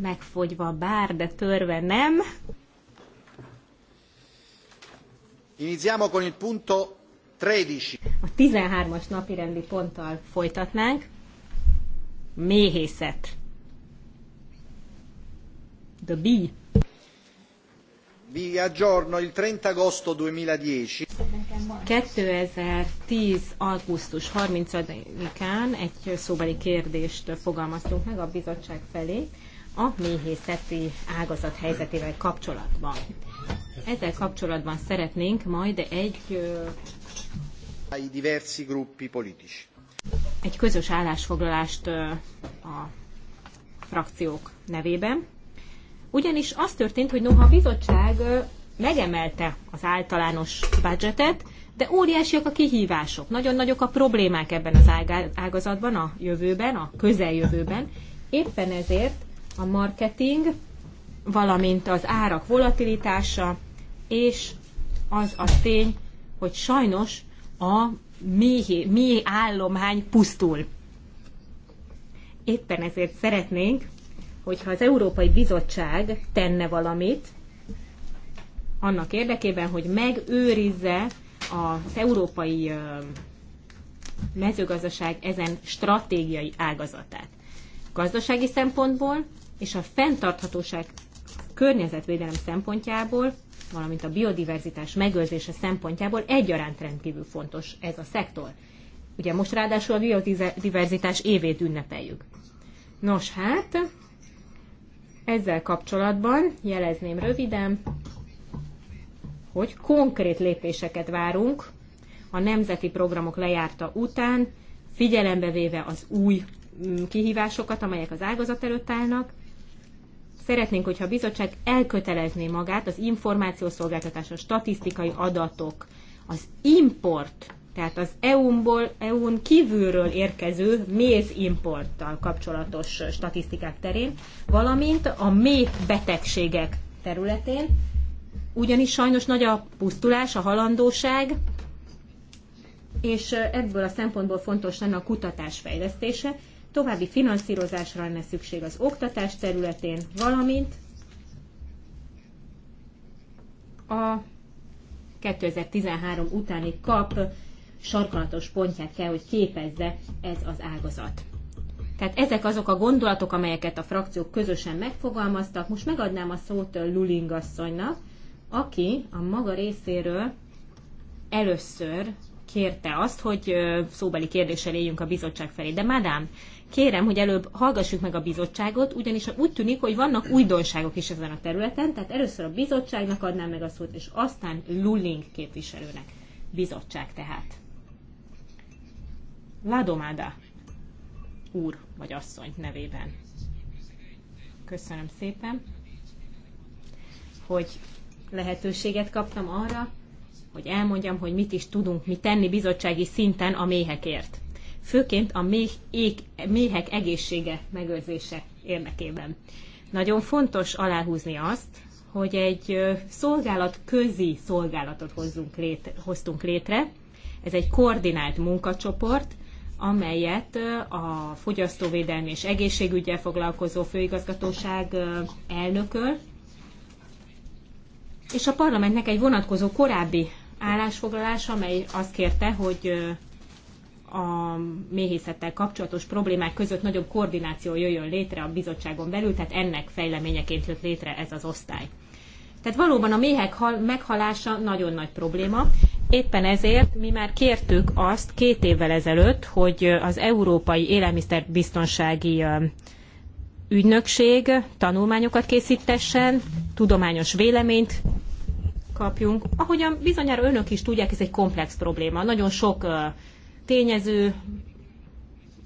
megfogyva bár, de törve nem. Iniziamo con il punto 13. A 13-as napi rendi ponttal folytatnánk. Méhészet. The B. Vi aggiorno il 30 agosto 2010. 2010. augusztus 30-án egy szóbeli kérdést fogalmaztunk meg a bizottság felé a méhészeti ágazat helyzetével kapcsolatban. Ezzel kapcsolatban szeretnénk majd egy diversi gruppi politici. Egy közös állásfoglalást a frakciók nevében. Ugyanis az történt, hogy noha a bizottság megemelte az általános budgetet, de óriásiak a kihívások, nagyon nagyok a problémák ebben az ágazatban, a jövőben, a közeljövőben. Éppen ezért a marketing, valamint az árak volatilitása, és az a tény, hogy sajnos a mi, mi állomány pusztul. Éppen ezért szeretnénk, hogyha az Európai Bizottság tenne valamit annak érdekében, hogy megőrizze az európai mezőgazdaság ezen stratégiai ágazatát. Gazdasági szempontból és a fenntarthatóság környezetvédelem szempontjából, valamint a biodiverzitás megőrzése szempontjából egyaránt rendkívül fontos ez a szektor. Ugye most ráadásul a biodiverzitás évét ünnepeljük. Nos hát, ezzel kapcsolatban jelezném röviden, hogy konkrét lépéseket várunk a nemzeti programok lejárta után, figyelembe véve az új mm, kihívásokat, amelyek az ágazat előtt állnak, Szeretnénk, hogyha a bizottság elkötelezné magát az információszolgáltatás, a statisztikai adatok, az import, tehát az EU-ból, EU-n kívülről érkező mézimporttal kapcsolatos statisztikák terén, valamint a méh betegségek területén, ugyanis sajnos nagy a pusztulás, a halandóság, és ebből a szempontból fontos lenne a kutatás fejlesztése, további finanszírozásra lenne szükség az oktatás területén, valamint a 2013 utáni kap sarkalatos pontját kell, hogy képezze ez az ágazat. Tehát ezek azok a gondolatok, amelyeket a frakciók közösen megfogalmaztak. Most megadnám a szót Luling asszonynak, aki a maga részéről először kérte azt, hogy szóbeli kérdéssel éljünk a bizottság felé. De madám, kérem, hogy előbb hallgassuk meg a bizottságot, ugyanis úgy tűnik, hogy vannak újdonságok is ezen a területen, tehát először a bizottságnak adnám meg a szót, és aztán Lulling képviselőnek. Bizottság tehát. Ládomáda úr vagy asszony nevében. Köszönöm szépen, hogy lehetőséget kaptam arra, hogy elmondjam, hogy mit is tudunk mi tenni bizottsági szinten a méhekért főként a méh, ég, méhek egészsége megőrzése érdekében. Nagyon fontos aláhúzni azt, hogy egy szolgálat közi szolgálatot hozzunk létre, hoztunk létre. Ez egy koordinált munkacsoport, amelyet a fogyasztóvédelmi és egészségügyel foglalkozó főigazgatóság elnököl, és a parlamentnek egy vonatkozó korábbi állásfoglalása, amely azt kérte, hogy a méhészettel kapcsolatos problémák között nagyobb koordináció jöjjön létre a bizottságon belül, tehát ennek fejleményeként jött létre ez az osztály. Tehát valóban a méhek hal, meghalása nagyon nagy probléma. Éppen ezért mi már kértük azt két évvel ezelőtt, hogy az Európai Élelmiszerbiztonsági Ügynökség tanulmányokat készítessen, tudományos véleményt kapjunk. Ahogyan bizonyára önök is tudják, ez egy komplex probléma. Nagyon sok tényező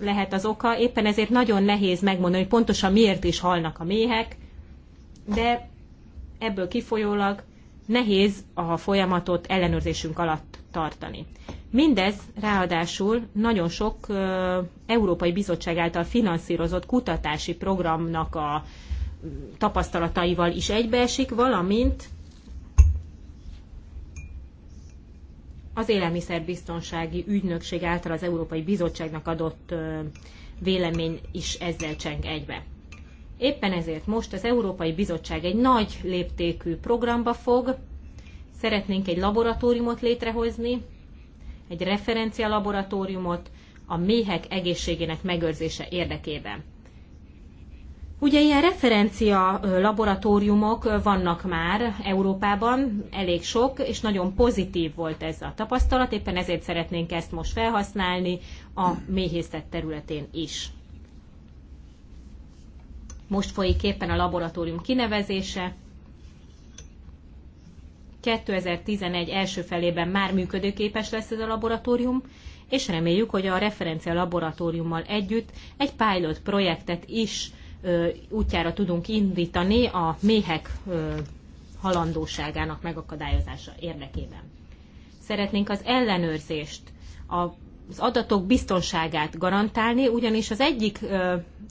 lehet az oka, éppen ezért nagyon nehéz megmondani, hogy pontosan miért is halnak a méhek, de ebből kifolyólag nehéz a folyamatot ellenőrzésünk alatt tartani. Mindez ráadásul nagyon sok Európai Bizottság által finanszírozott kutatási programnak a tapasztalataival is egybeesik, valamint az élelmiszerbiztonsági ügynökség által az Európai Bizottságnak adott vélemény is ezzel cseng egybe. Éppen ezért most az Európai Bizottság egy nagy léptékű programba fog, szeretnénk egy laboratóriumot létrehozni, egy referencia laboratóriumot a méhek egészségének megőrzése érdekében. Ugye ilyen referencia laboratóriumok vannak már Európában, elég sok, és nagyon pozitív volt ez a tapasztalat, éppen ezért szeretnénk ezt most felhasználni a méhészet területén is. Most folyik éppen a laboratórium kinevezése. 2011 első felében már működőképes lesz ez a laboratórium, és reméljük, hogy a referencia laboratóriummal együtt egy pilot projektet is útjára tudunk indítani a méhek halandóságának megakadályozása érdekében. Szeretnénk az ellenőrzést, az adatok biztonságát garantálni, ugyanis az egyik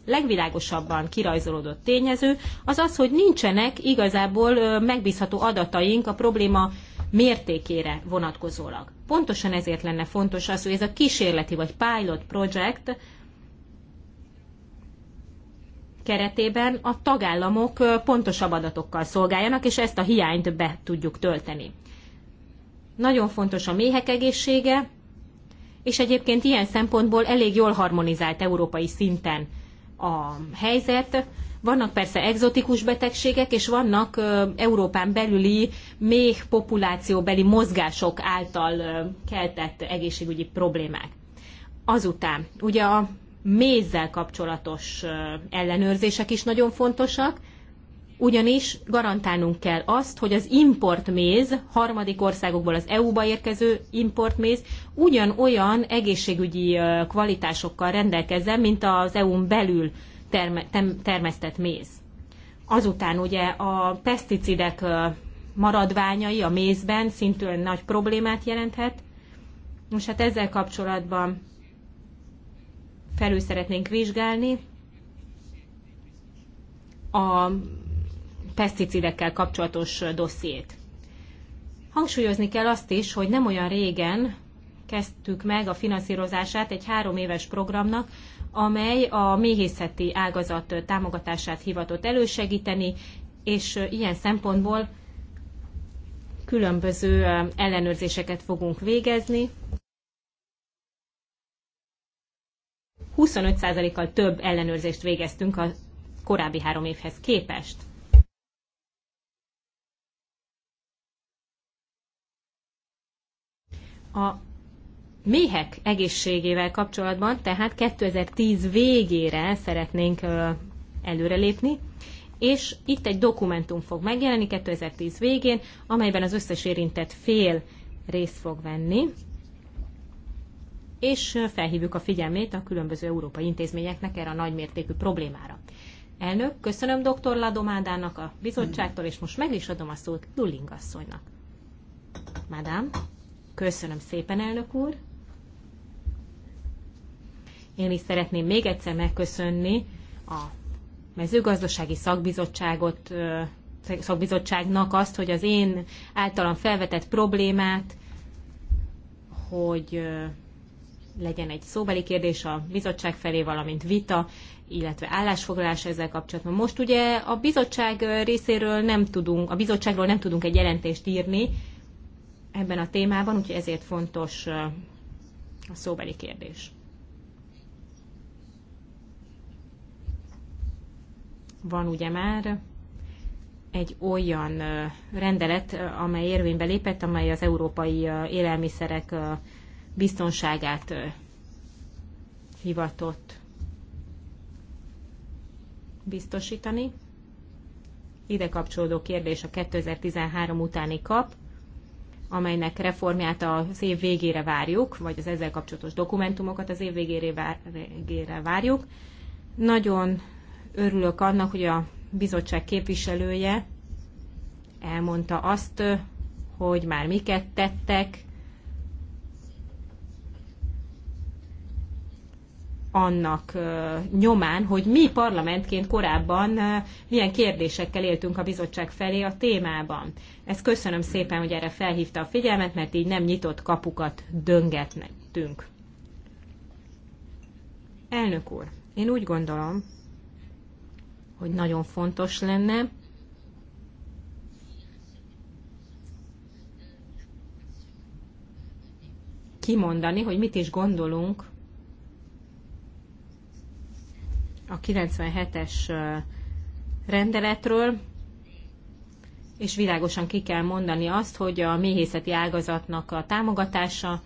legvilágosabban kirajzolódott tényező az az, hogy nincsenek igazából megbízható adataink a probléma mértékére vonatkozólag. Pontosan ezért lenne fontos az, hogy ez a kísérleti vagy pilot project keretében a tagállamok pontosabb adatokkal szolgáljanak, és ezt a hiányt be tudjuk tölteni. Nagyon fontos a méhek egészsége, és egyébként ilyen szempontból elég jól harmonizált európai szinten a helyzet. Vannak persze egzotikus betegségek, és vannak Európán belüli méh populációbeli mozgások által keltett egészségügyi problémák. Azután, ugye a mézzel kapcsolatos ellenőrzések is nagyon fontosak, ugyanis garantálnunk kell azt, hogy az importméz, harmadik országokból az EU-ba érkező importméz ugyanolyan egészségügyi kvalitásokkal rendelkezzen, mint az EU-n belül terme- termesztett méz. Azután ugye a peszticidek maradványai a mézben szintén nagy problémát jelenthet. Most hát ezzel kapcsolatban felül szeretnénk vizsgálni a peszticidekkel kapcsolatos dossziét. Hangsúlyozni kell azt is, hogy nem olyan régen kezdtük meg a finanszírozását egy három éves programnak, amely a méhészeti ágazat támogatását hivatott elősegíteni, és ilyen szempontból különböző ellenőrzéseket fogunk végezni. 25%-kal több ellenőrzést végeztünk a korábbi három évhez képest. A méhek egészségével kapcsolatban, tehát 2010 végére szeretnénk előrelépni, és itt egy dokumentum fog megjelenni 2010 végén, amelyben az összes érintett fél részt fog venni és felhívjuk a figyelmét a különböző európai intézményeknek erre a nagymértékű problémára. Elnök, köszönöm dr. Ladomádának a bizottságtól, és most meg is adom a szót Luling asszonynak. Madám, köszönöm szépen, elnök úr. Én is szeretném még egyszer megköszönni a mezőgazdasági szakbizottságot, szakbizottságnak azt, hogy az én általam felvetett problémát, hogy legyen egy szóbeli kérdés a bizottság felé, valamint vita, illetve állásfoglalás ezzel kapcsolatban. Most ugye a bizottság részéről nem tudunk, a bizottságról nem tudunk egy jelentést írni ebben a témában, úgyhogy ezért fontos a szóbeli kérdés. Van ugye már egy olyan rendelet, amely érvénybe lépett, amely az európai élelmiszerek biztonságát hivatott biztosítani. Ide kapcsolódó kérdés a 2013 utáni kap, amelynek reformját az év végére várjuk, vagy az ezzel kapcsolatos dokumentumokat az év végére várjuk. Nagyon örülök annak, hogy a bizottság képviselője elmondta azt, hogy már miket tettek, annak nyomán, hogy mi parlamentként korábban milyen kérdésekkel éltünk a bizottság felé a témában. Ezt köszönöm szépen, hogy erre felhívta a figyelmet, mert így nem nyitott kapukat döngetnettünk. Elnök úr, én úgy gondolom, hogy nagyon fontos lenne, kimondani, hogy mit is gondolunk a 97-es rendeletről, és világosan ki kell mondani azt, hogy a méhészeti ágazatnak a támogatása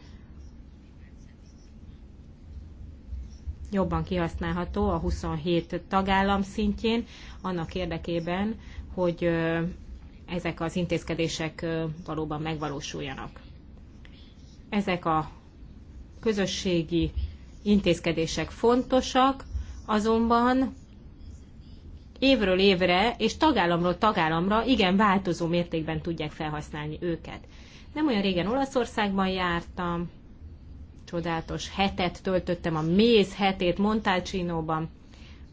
jobban kihasználható a 27 tagállam szintjén, annak érdekében, hogy ezek az intézkedések valóban megvalósuljanak. Ezek a közösségi intézkedések fontosak, azonban évről évre és tagállamról tagállamra igen változó mértékben tudják felhasználni őket. Nem olyan régen Olaszországban jártam, csodálatos hetet töltöttem a méz hetét Montalcino-ban,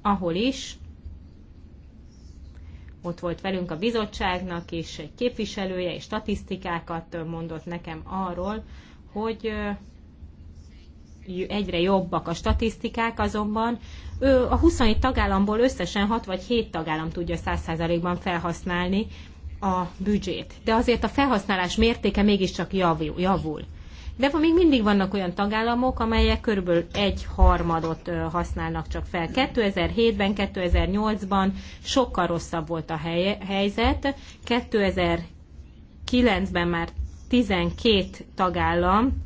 ahol is ott volt velünk a bizottságnak, és egy képviselője, és statisztikákat mondott nekem arról, hogy egyre jobbak a statisztikák, azonban a 27 tagállamból összesen 6 vagy 7 tagállam tudja 100%-ban felhasználni a büdzsét. De azért a felhasználás mértéke mégiscsak javul. De még mindig vannak olyan tagállamok, amelyek körülbelül egy harmadot használnak csak fel. 2007-ben, 2008-ban sokkal rosszabb volt a helyzet. 2009-ben már 12 tagállam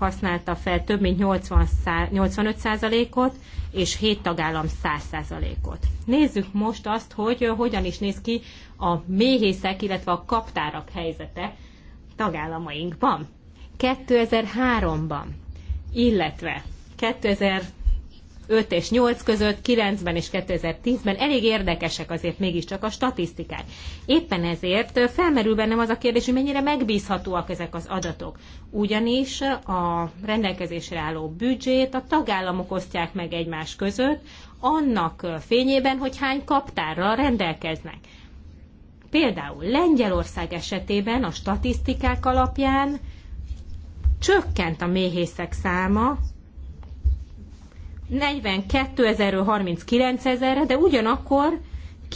használta fel több mint 80, 85%-ot, és 7 tagállam 100%-ot. Nézzük most azt, hogy hogyan is néz ki a méhészek, illetve a kaptárak helyzete tagállamainkban. 2003-ban, illetve 2000 5 és 8 között, 9-ben és 2010-ben. Elég érdekesek azért mégiscsak a statisztikák. Éppen ezért felmerül bennem az a kérdés, hogy mennyire megbízhatóak ezek az adatok. Ugyanis a rendelkezésre álló büdzsét a tagállamok osztják meg egymás között, annak fényében, hogy hány kaptárral rendelkeznek. Például Lengyelország esetében a statisztikák alapján csökkent a méhészek száma 42 ezerről 39 ezerre, de ugyanakkor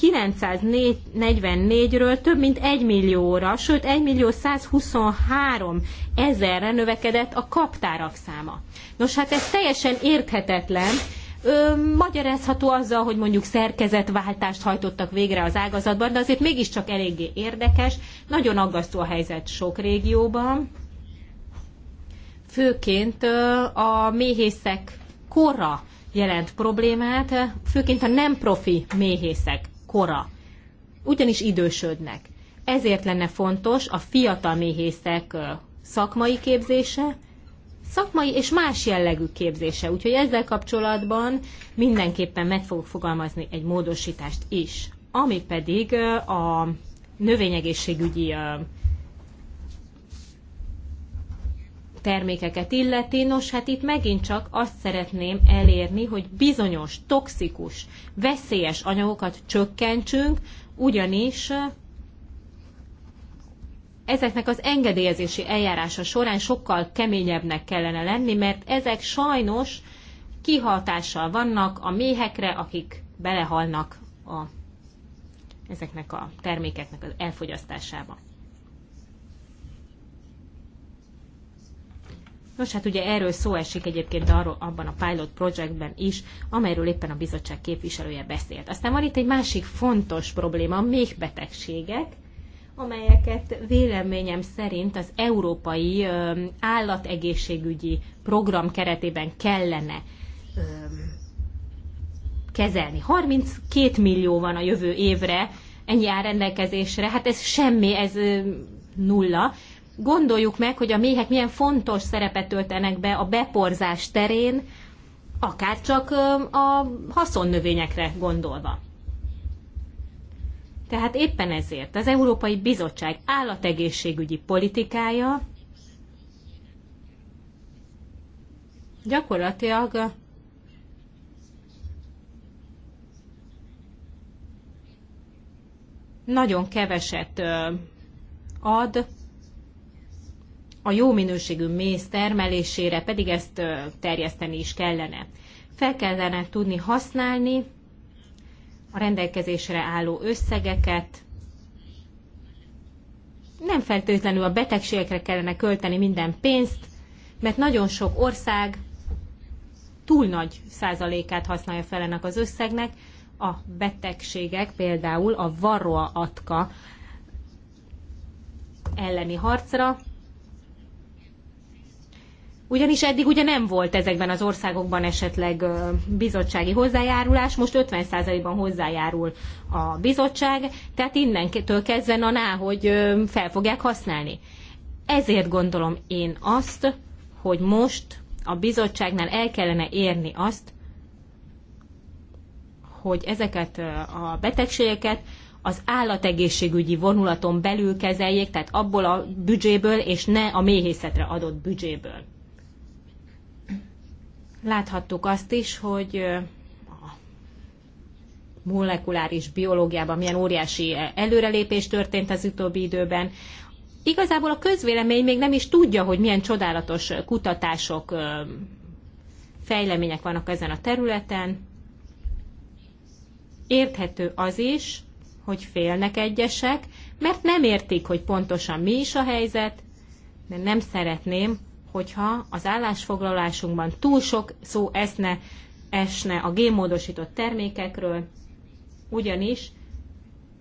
944-ről több mint 1 millióra, sőt 1 millió 123 ezerre növekedett a kaptárak száma. Nos, hát ez teljesen érthetetlen, Ö, magyarázható azzal, hogy mondjuk szerkezetváltást hajtottak végre az ágazatban, de azért mégiscsak eléggé érdekes, nagyon aggasztó a helyzet sok régióban, főként a méhészek kora jelent problémát, főként a nem profi méhészek kora. Ugyanis idősödnek. Ezért lenne fontos a fiatal méhészek szakmai képzése, szakmai és más jellegű képzése. Úgyhogy ezzel kapcsolatban mindenképpen meg fogok fogalmazni egy módosítást is. Ami pedig a növényegészségügyi termékeket illeti, nos hát itt megint csak azt szeretném elérni, hogy bizonyos, toxikus, veszélyes anyagokat csökkentsünk, ugyanis ezeknek az engedélyezési eljárása során sokkal keményebbnek kellene lenni, mert ezek sajnos kihatással vannak a méhekre, akik belehalnak a, ezeknek a termékeknek az elfogyasztásába. Nos, hát ugye erről szó esik egyébként arról, abban a pilot projectben is, amelyről éppen a bizottság képviselője beszélt. Aztán van itt egy másik fontos probléma, még betegségek, amelyeket véleményem szerint az európai állategészségügyi program keretében kellene kezelni. 32 millió van a jövő évre, ennyi áll rendelkezésre, hát ez semmi, ez nulla, gondoljuk meg, hogy a méhek milyen fontos szerepet töltenek be a beporzás terén, akár csak a haszonnövényekre gondolva. Tehát éppen ezért az Európai Bizottság állategészségügyi politikája gyakorlatilag nagyon keveset ad a jó minőségű méz termelésére pedig ezt terjeszteni is kellene. Fel kellene tudni használni a rendelkezésre álló összegeket, nem feltétlenül a betegségekre kellene költeni minden pénzt, mert nagyon sok ország túl nagy százalékát használja fel ennek az összegnek. A betegségek, például a varroa atka elleni harcra ugyanis eddig ugye nem volt ezekben az országokban esetleg bizottsági hozzájárulás, most 50%-ban hozzájárul a bizottság, tehát innentől kezdve na, ná, hogy fel fogják használni. Ezért gondolom én azt, hogy most a bizottságnál el kellene érni azt, hogy ezeket a betegségeket az állategészségügyi vonulaton belül kezeljék, tehát abból a büdzséből, és ne a méhészetre adott büdzséből. Láthattuk azt is, hogy a molekuláris biológiában milyen óriási e, előrelépés történt az utóbbi időben. Igazából a közvélemény még nem is tudja, hogy milyen csodálatos kutatások, fejlemények vannak ezen a területen. Érthető az is, hogy félnek egyesek, mert nem értik, hogy pontosan mi is a helyzet, mert nem szeretném, hogyha az állásfoglalásunkban túl sok szó eszne, esne a génmódosított termékekről, ugyanis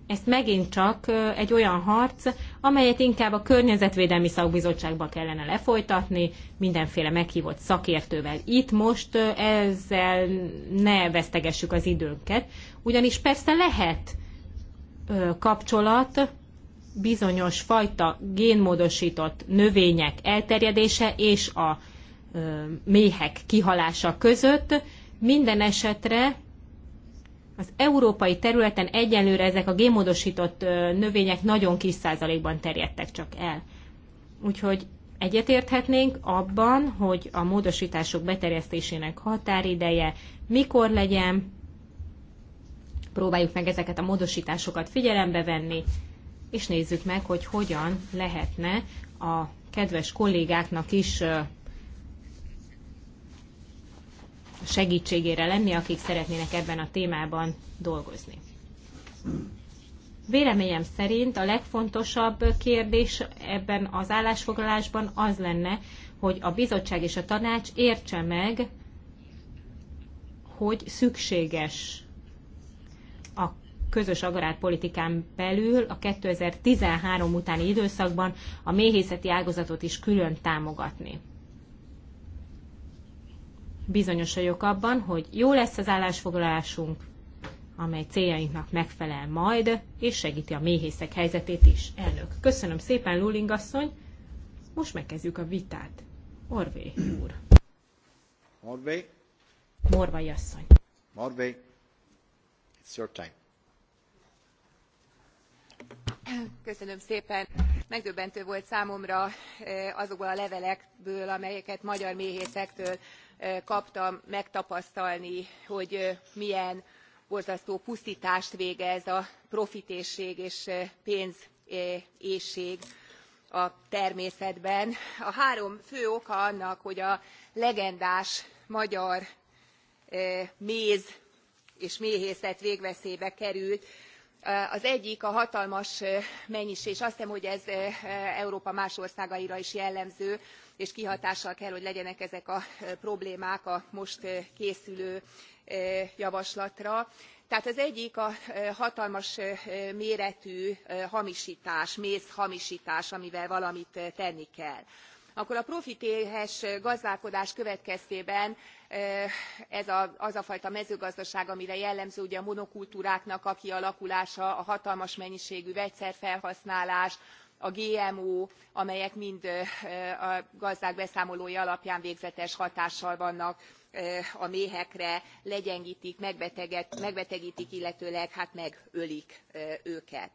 ezt megint csak egy olyan harc, amelyet inkább a Környezetvédelmi Szakbizottságban kellene lefolytatni, mindenféle meghívott szakértővel. Itt most ezzel ne vesztegessük az időnket, ugyanis persze lehet kapcsolat bizonyos fajta génmódosított növények elterjedése és a méhek kihalása között. Minden esetre az európai területen egyenlőre ezek a génmódosított növények nagyon kis százalékban terjedtek csak el. Úgyhogy egyetérthetnénk abban, hogy a módosítások beterjesztésének határideje mikor legyen, próbáljuk meg ezeket a módosításokat figyelembe venni, és nézzük meg, hogy hogyan lehetne a kedves kollégáknak is segítségére lenni, akik szeretnének ebben a témában dolgozni. Véleményem szerint a legfontosabb kérdés ebben az állásfoglalásban az lenne, hogy a bizottság és a tanács értse meg, hogy szükséges közös agrárpolitikán belül a 2013 utáni időszakban a méhészeti ágazatot is külön támogatni. Bizonyos vagyok abban, hogy jó lesz az állásfoglalásunk, amely céljainknak megfelel majd, és segíti a méhészek helyzetét is. Elnök, köszönöm szépen, Luling asszony. Most megkezdjük a vitát. Orvé úr. Orvé? Morvai asszony. Morvai, it's your time megdöbbentő volt számomra eh, azokból a levelekből amelyeket magyar méhészektől eh, kaptam megtapasztalni hogy eh, milyen borzasztó puszttást végez a profitéhség és pénzéhség a természetben. a három fő oka annak hogy a legendás magyar méz és méhészet végveszélybe került az egyik a hatalmas mennyiség és azt hiszem hogy ez európa más országaira is jellemző és kihatással kell hogy legyenek ezek a problémák a most készülő javaslatra tehát az egyik a hatalmas méretű hamistás mézhamistás amivel valamit tenni kell. akkor a profitéhes gazdálkodás következtében ez az a fajta mezőgazdaság amire jellemző ugye a monokultúráknak a kialakulása a hatalmas mennyiségű vegyszerfelhasználás a gmo amelyek mind a gazdák beszámolói alapján végzetes hatással vannak a méhekre legyengtik megbetegtik illetőleg hát megölik őket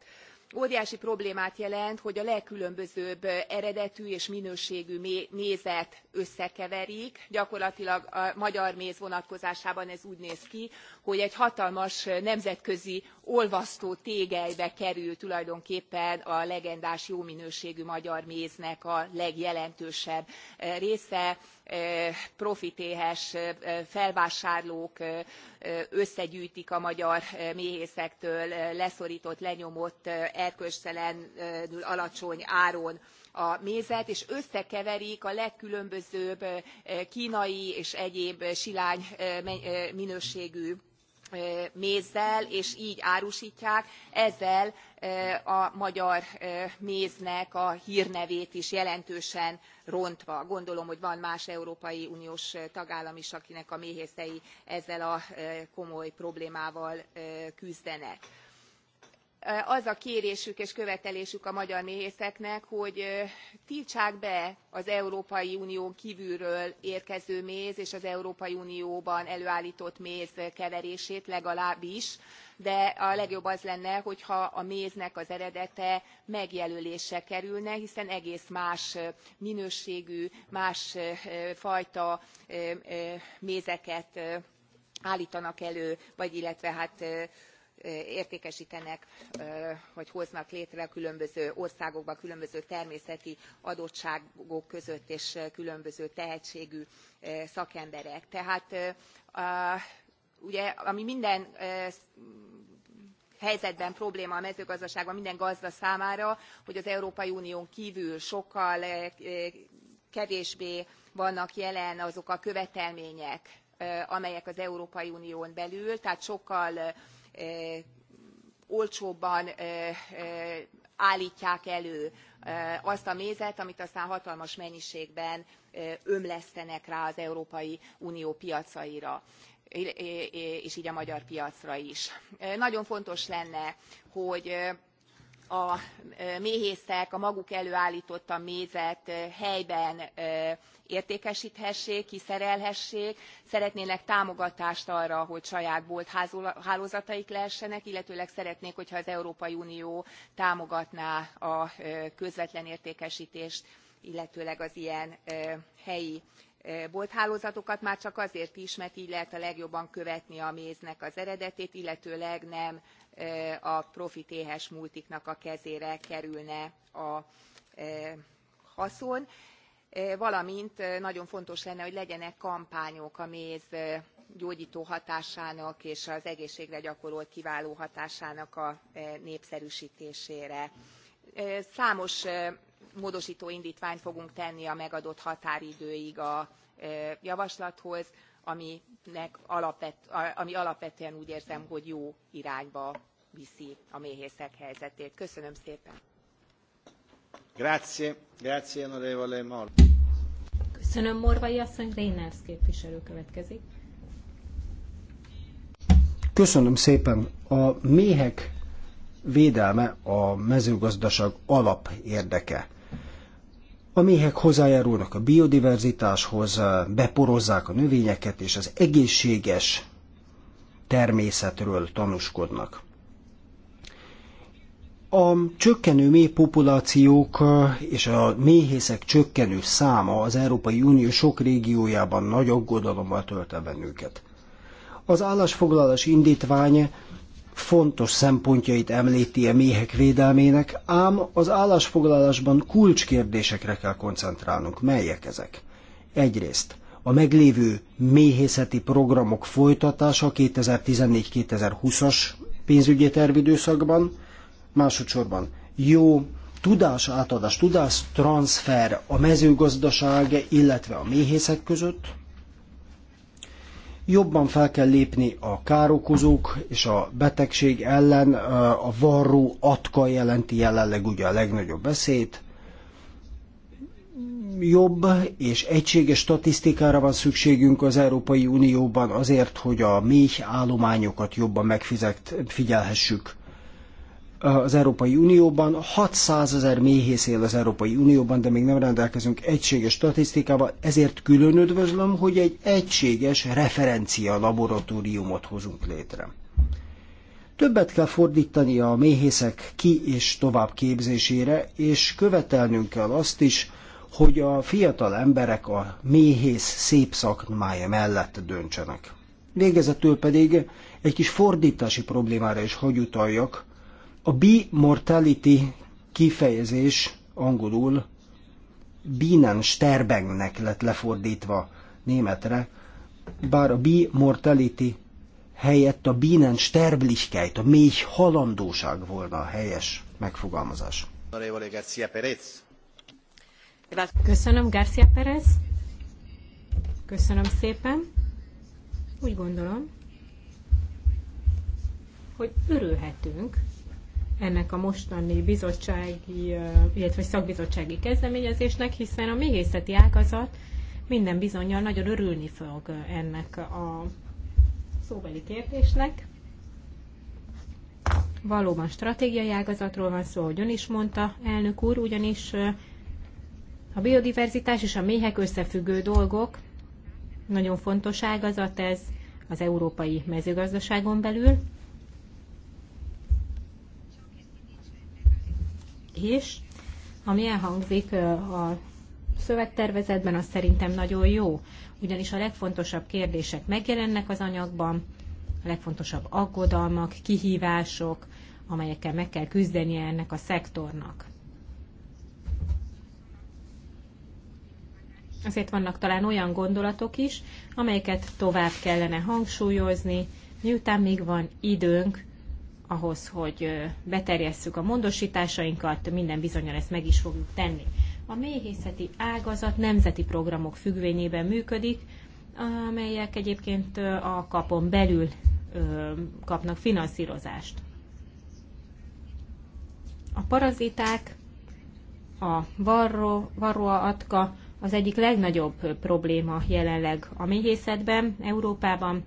óriási problémát jelent hogy a legkülönbözőbb eredetű és minőségű mézet összekeverik gyakorlatilag a magyar méz vonatkozásában ez úgy néz ki hogy egy hatalmas nemzetközi olvasztó tégelybe kerül tulajdonképpen a legendás jó minőségű magyar méznek a legjelentősebb része profitéhes felvásárlók összegyűjtik a magyar méhészektől leszortott lenyomott erkölcstelenül alacsony áron a mézet és összekeverik a legkülönbözőbb knai és egyéb silány minőségű mézzel és gy árustják ezzel a magyar méznek a hrnevét is jelentősen rontva. gondolom hogy van más európai uniós tagállam is akinek a méhészei ezzel a komoly problémával küzdenek az a kérésük és követelésük a magyar méhészeknek hogy tiltsák be az európai unión kvülről érkező méz és az európai unióban előálltott méz keverését legalábbis de a legjobb az lenne hogy ha a méznek az eredete megjelölésre kerülne hiszen egész más minőségű más fajta mézeket álltanak elő illetve hát értékestenek vagy hoznak létre különböző országokban különböző természeti adottságok között és különböző tehetségű szakemberek. tehát ugye ami minden helyzetben probléma a mezőgazdaságban minden gazda számára hogy az európai unión kvül sokkal kevésbé vannak jelen azok a követelmények amelyek az európai unión belül tehát sokkal olcsóbban álltják elő azt a mézet amit aztán hatalmas mennyiségben ömlesztenek rá az európai unió piacaira és gy a magyar piacra is. nagyon fontos lenne hogy a méhészek a maguk előálltotta mézet helyben értékesthessék kiszerelhessék szeretnének támogatást arra hogy saját bolthálózataik lehessenek illetőleg szeretnék hogyha az európai unió támogatná a közvetlen értékestést illetőleg az ilyen helyi bolthálózatokat már csak azért is mert gy lehet a legjobban követni a méznek az eredetét illetőleg nem a profitéhes multiknak a kezére kerülne a haszon valamint nagyon fontos lenne hogy legyenek kampányok a méz gyógytó hatásának és az egészségre gyakorolt kiváló hatásának a népszerűstésére. számos módostó indtványt fogunk tenni a megadott határidőig a javaslathoz ami ami alapvetően úgy érzem, hogy jó irányba viszi a méhészek helyzetét. Köszönöm szépen. Grazie, grazie onorevole Mor. Köszönöm, Köszönöm szépen. A méhek védelme a mezőgazdaság alap a méhek hozzájárulnak a biodiverzitáshoz, beporozzák a növényeket, és az egészséges természetről tanúskodnak. A csökkenő méhpopulációk és a méhészek csökkenő száma az Európai Unió sok régiójában nagy aggodalommal tölt el bennünket. Az állásfoglalás indítvány fontos szempontjait említi a méhek védelmének, ám az állásfoglalásban kulcskérdésekre kell koncentrálnunk. Melyek ezek? Egyrészt a meglévő méhészeti programok folytatása 2014-2020-as pénzügyi tervidőszakban, másodszorban jó tudás átadás, tudás transfer a mezőgazdaság, illetve a méhészek között, Jobban fel kell lépni a károkozók és a betegség ellen. A varró atka jelenti jelenleg ugye a legnagyobb veszélyt. Jobb és egységes statisztikára van szükségünk az Európai Unióban azért, hogy a méh állományokat jobban megfigyelhessük az Európai Unióban, 600 ezer méhész él az Európai Unióban, de még nem rendelkezünk egységes statisztikával, ezért külön üdvözlöm, hogy egy egységes referencia laboratóriumot hozunk létre. Többet kell fordítani a méhészek ki- és továbbképzésére, és követelnünk kell azt is, hogy a fiatal emberek a méhész szép szakmája mellett döntsenek. Végezetül pedig egy kis fordítási problémára is hagy utaljak, a B-mortality kifejezés angolul bínen Sterbengnek lett lefordítva németre, bár a B-mortality helyett a bínen Sterblichkeit, a mély halandóság volna a helyes megfogalmazás. Köszönöm, Garcia Perez. Köszönöm szépen. Úgy gondolom, hogy örülhetünk ennek a mostani bizottsági, illetve szakbizottsági kezdeményezésnek, hiszen a méhészeti ágazat minden bizonyal nagyon örülni fog ennek a szóbeli kérdésnek. Valóban stratégiai ágazatról van szó, ahogy ön is mondta, elnök úr, ugyanis a biodiverzitás és a méhek összefüggő dolgok, nagyon fontos ágazat ez az európai mezőgazdaságon belül, is, milyen hangzik a szövegtervezetben, az szerintem nagyon jó, ugyanis a legfontosabb kérdések megjelennek az anyagban, a legfontosabb aggodalmak, kihívások, amelyekkel meg kell küzdenie ennek a szektornak. Azért vannak talán olyan gondolatok is, amelyeket tovább kellene hangsúlyozni, miután még van időnk ahhoz, hogy beterjesszük a mondosításainkat, minden bizonyal ezt meg is fogjuk tenni. A méhészeti ágazat nemzeti programok függvényében működik, amelyek egyébként a kapon belül kapnak finanszírozást. A paraziták, a varro, varroa atka az egyik legnagyobb probléma jelenleg a méhészetben, Európában,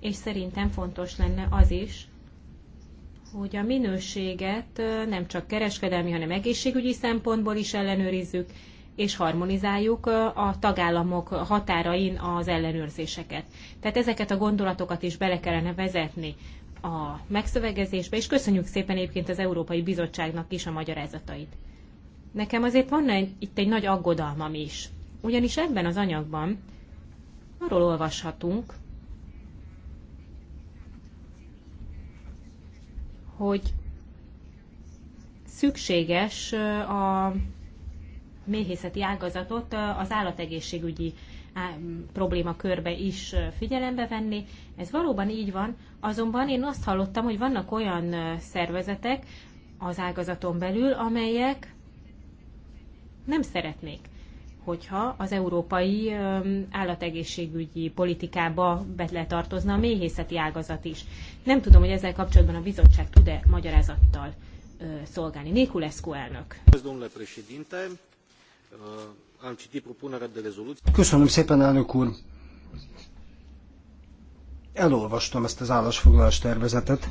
és szerintem fontos lenne az is, hogy a minőséget nem csak kereskedelmi, hanem egészségügyi szempontból is ellenőrizzük, és harmonizáljuk a tagállamok határain az ellenőrzéseket. Tehát ezeket a gondolatokat is bele kellene vezetni a megszövegezésbe, és köszönjük szépen egyébként az Európai Bizottságnak is a magyarázatait. Nekem azért van egy, itt egy nagy aggodalmam is, ugyanis ebben az anyagban arról olvashatunk, hogy szükséges a méhészeti ágazatot az állategészségügyi probléma körbe is figyelembe venni. Ez valóban így van, azonban én azt hallottam, hogy vannak olyan szervezetek az ágazaton belül, amelyek nem szeretnék hogyha az európai állategészségügyi politikába be tartozna a méhészeti ágazat is. Nem tudom, hogy ezzel kapcsolatban a bizottság tud-e magyarázattal szolgálni. Niculescu elnök. Köszönöm szépen, elnök úr. Elolvastam ezt az állásfoglalás tervezetet.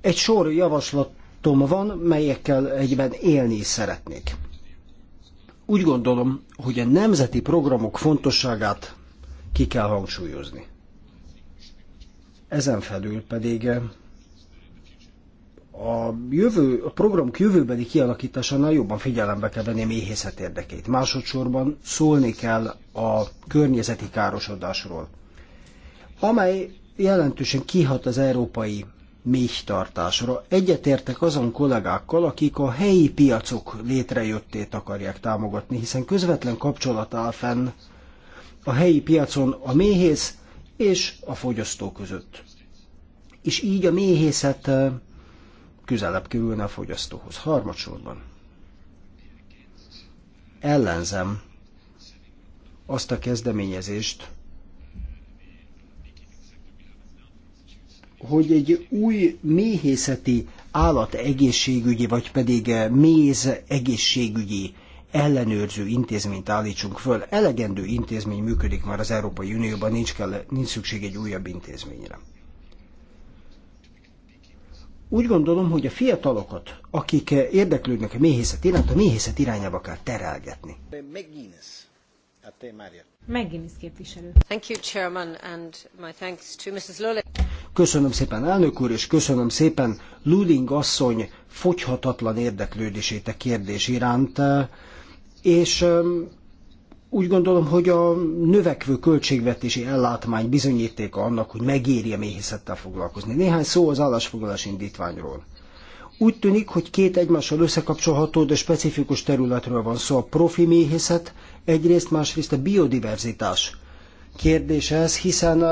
Egy sor javaslatom van, melyekkel egyben élni is szeretnék. Úgy gondolom, hogy a nemzeti programok fontosságát ki kell hangsúlyozni. Ezen felül pedig eh, a, jövő, a programok jövőbeli kialakításánál jobban figyelembe kell venni a méhészet érdekeit. Másodszorban szólni kell a környezeti károsodásról, amely jelentősen kihat az európai méhtartásra. Egyetértek azon kollégákkal, akik a helyi piacok létrejöttét akarják támogatni, hiszen közvetlen kapcsolat áll fenn a helyi piacon a méhész és a fogyasztó között. És így a méhészet közelebb kerülne a fogyasztóhoz. Harmadsorban ellenzem azt a kezdeményezést, hogy egy új méhészeti állat egészségügyi vagy pedig eh, méz egészségügyi ellenőrző intézményt állítsunk föl. Elegendő intézmény működik már az Európai Unióban, nincs, kell, nincs szükség egy újabb intézményre. Úgy gondolom, hogy a fiatalokat, akik eh, érdeklődnek a méhészet iránt, a méhészet irányába kell terelgetni. Köszönöm szépen, elnök úr, és köszönöm szépen Luling asszony fogyhatatlan érdeklődését a kérdés iránt, és úgy gondolom, hogy a növekvő költségvetési ellátmány bizonyítéka annak, hogy megéri a méhészettel foglalkozni. Néhány szó az állásfoglalás indítványról. Úgy tűnik, hogy két egymással összekapcsolható, de specifikus területről van szó. Szóval a profi méhészet egyrészt, másrészt a biodiverzitás kérdése ez, hiszen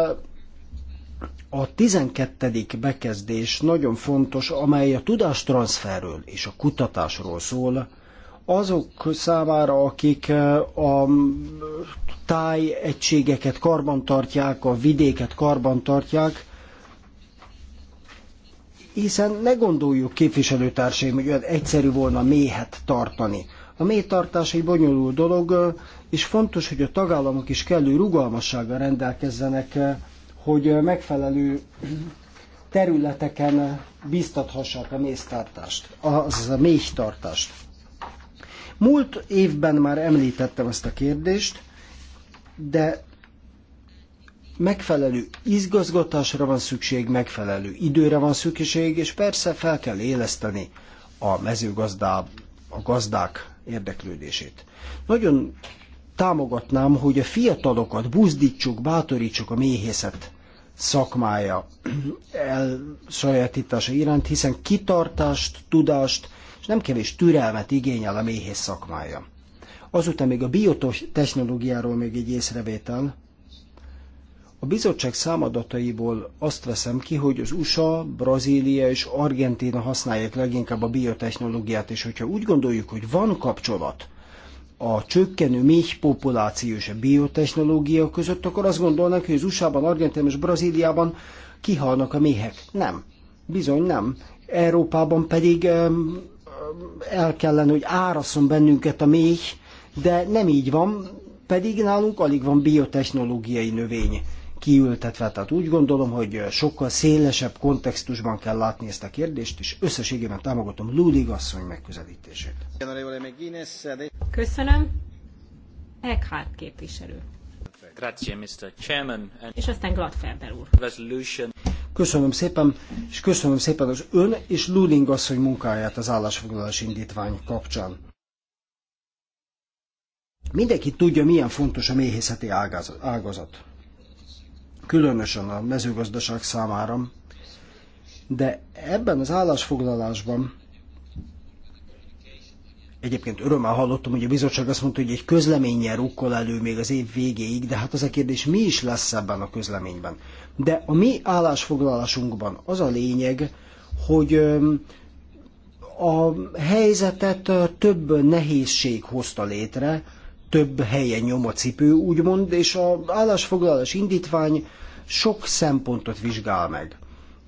a 12. bekezdés nagyon fontos, amely a tudástranszferről és a kutatásról szól, azok számára, akik e, a tájegységeket karbantartják, a vidéket karbantartják, hiszen ne gondoljuk képviselőtársaim, hogy olyan egyszerű volna méhet tartani. A méhtartás egy bonyolult dolog, és fontos, hogy a tagállamok is kellő rugalmassággal rendelkezzenek, hogy megfelelő területeken biztathassák a méztartást, az a méhtartást. Múlt évben már említettem ezt a kérdést, de megfelelő izgazgatásra van szükség, megfelelő időre van szükség, és persze fel kell éleszteni a mezőgazdá, a gazdák érdeklődését. Nagyon támogatnám, hogy a fiatalokat buzdítsuk, bátorítsuk a méhészet szakmája elsajátítása iránt, hiszen kitartást, tudást és nem kevés türelmet igényel a méhész szakmája. Azután még a biotechnológiáról még egy észrevétel. A bizottság számadataiból azt veszem ki, hogy az USA, Brazília és Argentína használják leginkább a biotechnológiát, és hogyha úgy gondoljuk, hogy van kapcsolat a csökkenő méh populáció és a biotechnológia között, akkor azt gondolnak, hogy az USA-ban, Argentinában és Brazíliában kihalnak a méhek. Nem. Bizony nem. Európában pedig el kellene, hogy áraszon bennünket a méh, de nem így van, pedig nálunk alig van biotechnológiai növény kiültetve. Tehát úgy gondolom, hogy sokkal szélesebb kontextusban kell látni ezt a kérdést, és összességében támogatom Lulig asszony megközelítését. Köszönöm. Eckhart képviselő. Grazie, Mr. Chairman. És aztán Gladfelder úr. Resolution. Köszönöm szépen, és köszönöm szépen az ön és Luling asszony munkáját az állásfoglalás indítvány kapcsán. Mindenki tudja, milyen fontos a méhészeti ágazat különösen a mezőgazdaság számára. De ebben az állásfoglalásban Egyébként örömmel hallottam, hogy a bizottság azt mondta, hogy egy közleménnyel rukkol elő még az év végéig, de hát az a kérdés, mi is lesz ebben a közleményben. De a mi állásfoglalásunkban az a lényeg, hogy a helyzetet több nehézség hozta létre, több helyen nyom a cipő, úgymond, és a állásfoglalás indítvány sok szempontot vizsgál meg.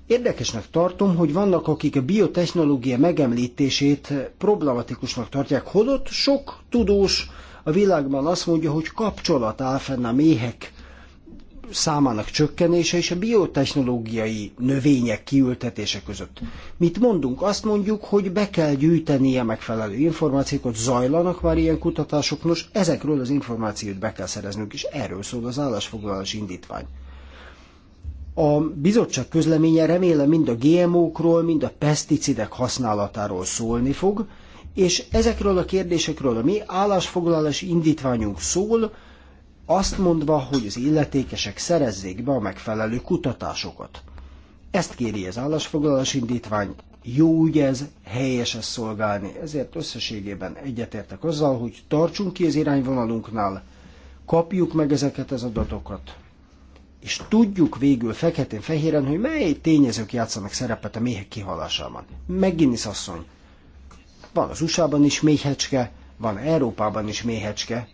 Érdekesnek tartom, hogy vannak, akik a biotechnológia megemlítését problematikusnak tartják, holott sok tudós a világban azt mondja, hogy kapcsolat áll fenn a méhek számának csökkenése és a biotechnológiai növények kiültetése között. Mit mondunk? Azt mondjuk, hogy be kell gyűjtenie megfelelő információkat, zajlanak már ilyen kutatások, nos, ezekről az információt be kell szereznünk, és erről szól az állásfoglalás indítvány. A bizottság közleménye remélem mind a GMO-król, mind a peszticidek használatáról szólni fog, és ezekről a kérdésekről a mi állásfoglalás indítványunk szól, azt mondva, hogy az illetékesek szerezzék be a megfelelő kutatásokat. Ezt kéri az állásfoglalás indítvány, jó ügy ez, helyes ez szolgálni, ezért összességében egyetértek azzal, hogy tartsunk ki az irányvonalunknál, kapjuk meg ezeket az adatokat, és tudjuk végül feketén-fehéren, hogy mely tényezők játszanak szerepet a méhek kihalásában. is asszony, van az USA-ban is méhecske, van Európában is méhecske,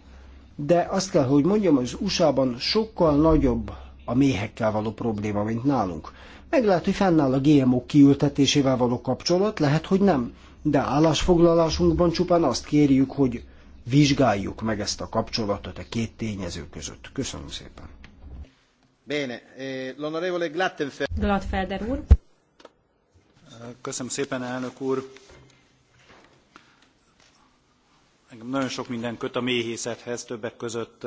de azt kell, hogy mondjam, hogy az USA-ban sokkal nagyobb a méhekkel való probléma, mint nálunk. Meg lehet, hogy fennáll a GMO kiültetésével való kapcsolat, lehet, hogy nem. De állásfoglalásunkban csupán azt kérjük, hogy vizsgáljuk meg ezt a kapcsolatot a két tényező között. Köszönöm szépen. Bene, eh, l'onorevole Glattenfelder. Glattenfelder úr. Köszönöm szépen, elnök úr nagyon sok minden köt a méhészethez, többek között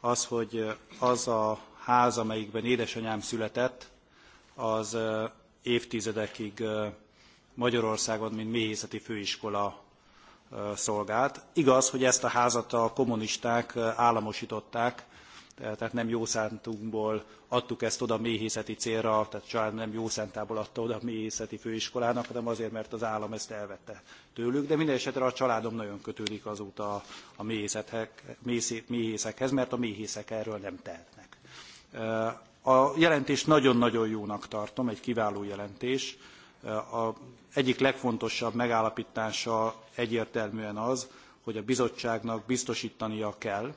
az, hogy az a ház, amelyikben édesanyám született, az évtizedekig Magyarországon, mint méhészeti főiskola szolgált. Igaz, hogy ezt a házat a kommunisták államosították, tehát nem jó szántunkból adtuk ezt oda méhészeti célra, tehát család nem jó szántából adta oda a méhészeti főiskolának, hanem azért, mert az állam ezt elvette tőlük, de minden esetre a családom nagyon kötődik azóta a méhészekhez, mert a méhészek erről nem tehetnek. A jelentést nagyon-nagyon jónak tartom, egy kiváló jelentés. A egyik legfontosabb megállapítása egyértelműen az, hogy a bizottságnak biztosítania kell,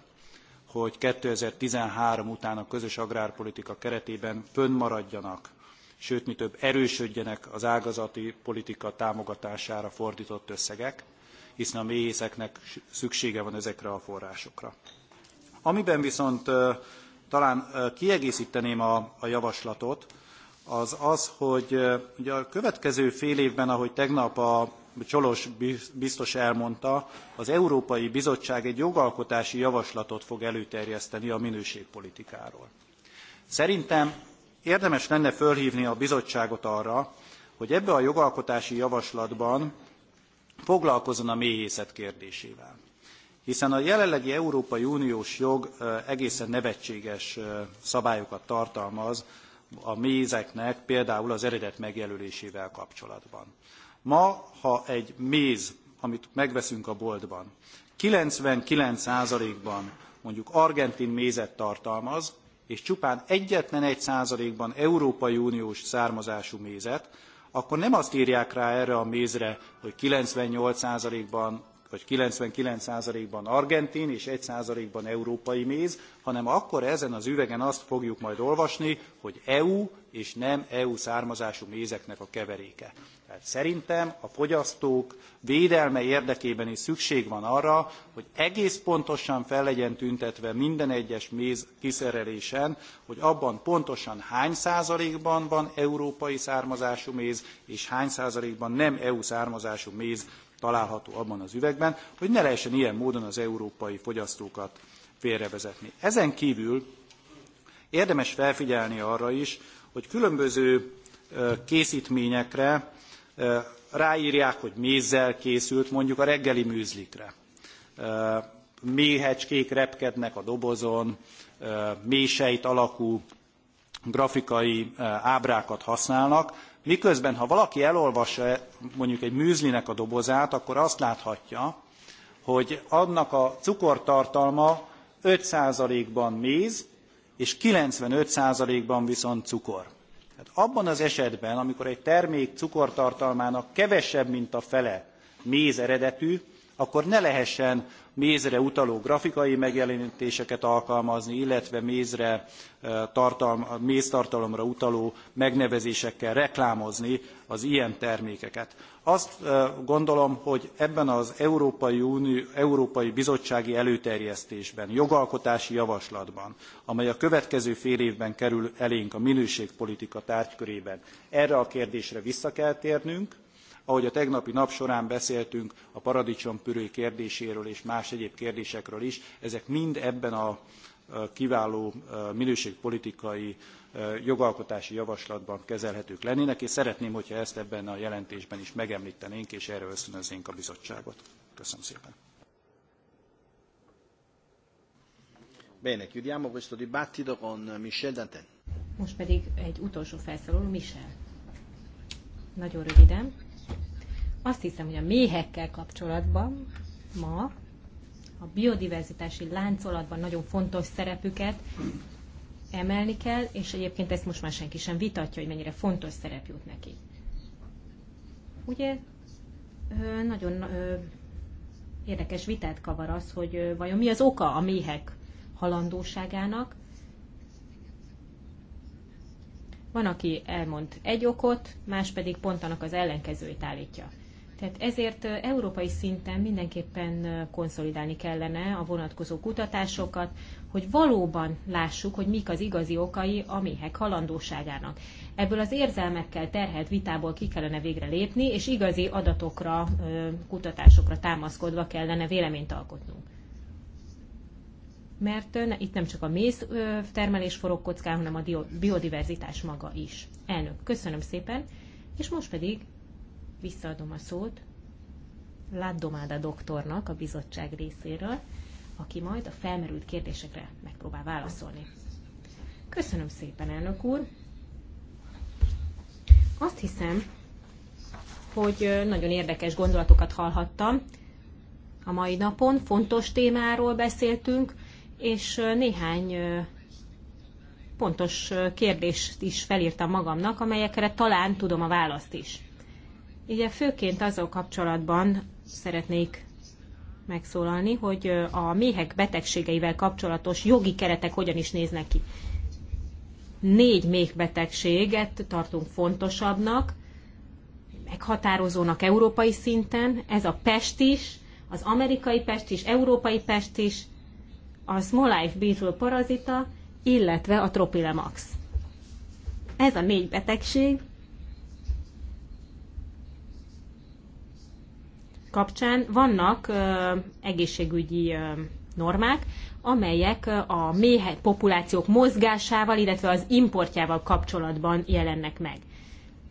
hogy 2013 után a közös agrárpolitika keretében fönnmaradjanak, sőt, mi több erősödjenek az ágazati politika támogatására fordított összegek, hiszen a méhészeknek szüksége van ezekre a forrásokra. Amiben viszont talán kiegészíteném a, a javaslatot, az az, hogy ugye a következő fél évben, ahogy tegnap a Csolos biztos elmondta, az Európai Bizottság egy jogalkotási javaslatot fog előterjeszteni a minőségpolitikáról. Szerintem érdemes lenne fölhívni a bizottságot arra, hogy ebbe a jogalkotási javaslatban foglalkozzon a méhészet kérdésével. Hiszen a jelenlegi Európai Uniós jog egészen nevetséges szabályokat tartalmaz a mézeknek, például az eredet megjelölésével kapcsolatban. Ma, ha egy méz, amit megveszünk a boltban, 99%-ban mondjuk argentin mézet tartalmaz, és csupán egyetlen 1 százalékban Európai Uniós származású mézet, akkor nem azt írják rá erre a mézre, hogy 98%-ban hogy 99%-ban argentin és 1%-ban európai méz, hanem akkor ezen az üvegen azt fogjuk majd olvasni, hogy EU és nem EU származású mézeknek a keveréke. Tehát szerintem a fogyasztók védelme érdekében is szükség van arra, hogy egész pontosan fel legyen tüntetve minden egyes méz kiszerelésen, hogy abban pontosan hány százalékban van európai származású méz, és hány százalékban nem EU származású méz található abban az üvegben, hogy ne lehessen ilyen módon az európai fogyasztókat félrevezetni. Ezen kívül érdemes felfigyelni arra is, hogy különböző készítményekre ráírják, hogy mézzel készült, mondjuk a reggeli műzlikre. Méhecskék repkednek a dobozon, mésejt alakú grafikai ábrákat használnak, Miközben, ha valaki elolvassa eh, mondjuk egy műzlinek a dobozát, akkor azt láthatja, hogy annak a cukortartalma 5%-ban méz, és 95%-ban viszont cukor. Tehát abban az esetben, amikor egy termék cukortartalmának kevesebb, mint a fele méz eredetű, akkor ne lehessen mézre utaló grafikai megjelenítéseket alkalmazni, illetve mézre, tartalma, méztartalomra utaló megnevezésekkel reklámozni az ilyen termékeket. Azt gondolom, hogy ebben az Európai, Unió, Európai Bizottsági előterjesztésben, jogalkotási javaslatban, amely a következő fél évben kerül elénk a minőségpolitika tárgykörében, erre a kérdésre vissza kell térnünk, ahogy a tegnapi nap során beszéltünk a paradicsompré kérdéséről és más egyéb kérdésekről is, ezek mind ebben a kiváló minőségpolitikai jogalkotási javaslatban kezelhetők lennének, és szeretném, hogyha ezt ebben a jelentésben is megemlítenénk, és erre ösztönöznénk a bizottságot. Köszönöm szépen. Bene, chiudiamo questo dibattito con Michel Dantin. Most pedig egy utolsó felszólaló, Michel. Nagyon röviden. Azt hiszem, hogy a méhekkel kapcsolatban ma a biodiverzitási láncolatban nagyon fontos szerepüket emelni kell, és egyébként ezt most már senki sem vitatja, hogy mennyire fontos szerep jut neki. Ugye nagyon érdekes vitát kavar az, hogy vajon mi az oka a méhek halandóságának. Van, aki elmond egy okot, más pedig pont annak az ellenkezőjét állítja. Tehát ezért európai szinten mindenképpen konszolidálni kellene a vonatkozó kutatásokat, hogy valóban lássuk, hogy mik az igazi okai a méhek halandóságának. Ebből az érzelmekkel terhelt vitából ki kellene végre lépni, és igazi adatokra, kutatásokra támaszkodva kellene véleményt alkotnunk. Mert itt nem csak a méz termelés forog kockán, hanem a biodiverzitás maga is. Elnök, köszönöm szépen, és most pedig visszaadom a szót Laddomáda doktornak a bizottság részéről, aki majd a felmerült kérdésekre megpróbál válaszolni. Köszönöm szépen, elnök úr! Azt hiszem, hogy nagyon érdekes gondolatokat hallhattam a mai napon. Fontos témáról beszéltünk, és néhány pontos kérdést is felírtam magamnak, amelyekre talán tudom a választ is. Ugye főként azzal kapcsolatban szeretnék megszólalni, hogy a méhek betegségeivel kapcsolatos jogi keretek hogyan is néznek ki. Négy méhbetegséget tartunk fontosabbnak, meghatározónak európai szinten. Ez a pest is, az amerikai pest is, európai pest is, a Small Life Beetle parazita, illetve a Tropilemax. Ez a négy betegség kapcsán vannak egészségügyi normák, amelyek a méhe populációk mozgásával, illetve az importjával kapcsolatban jelennek meg.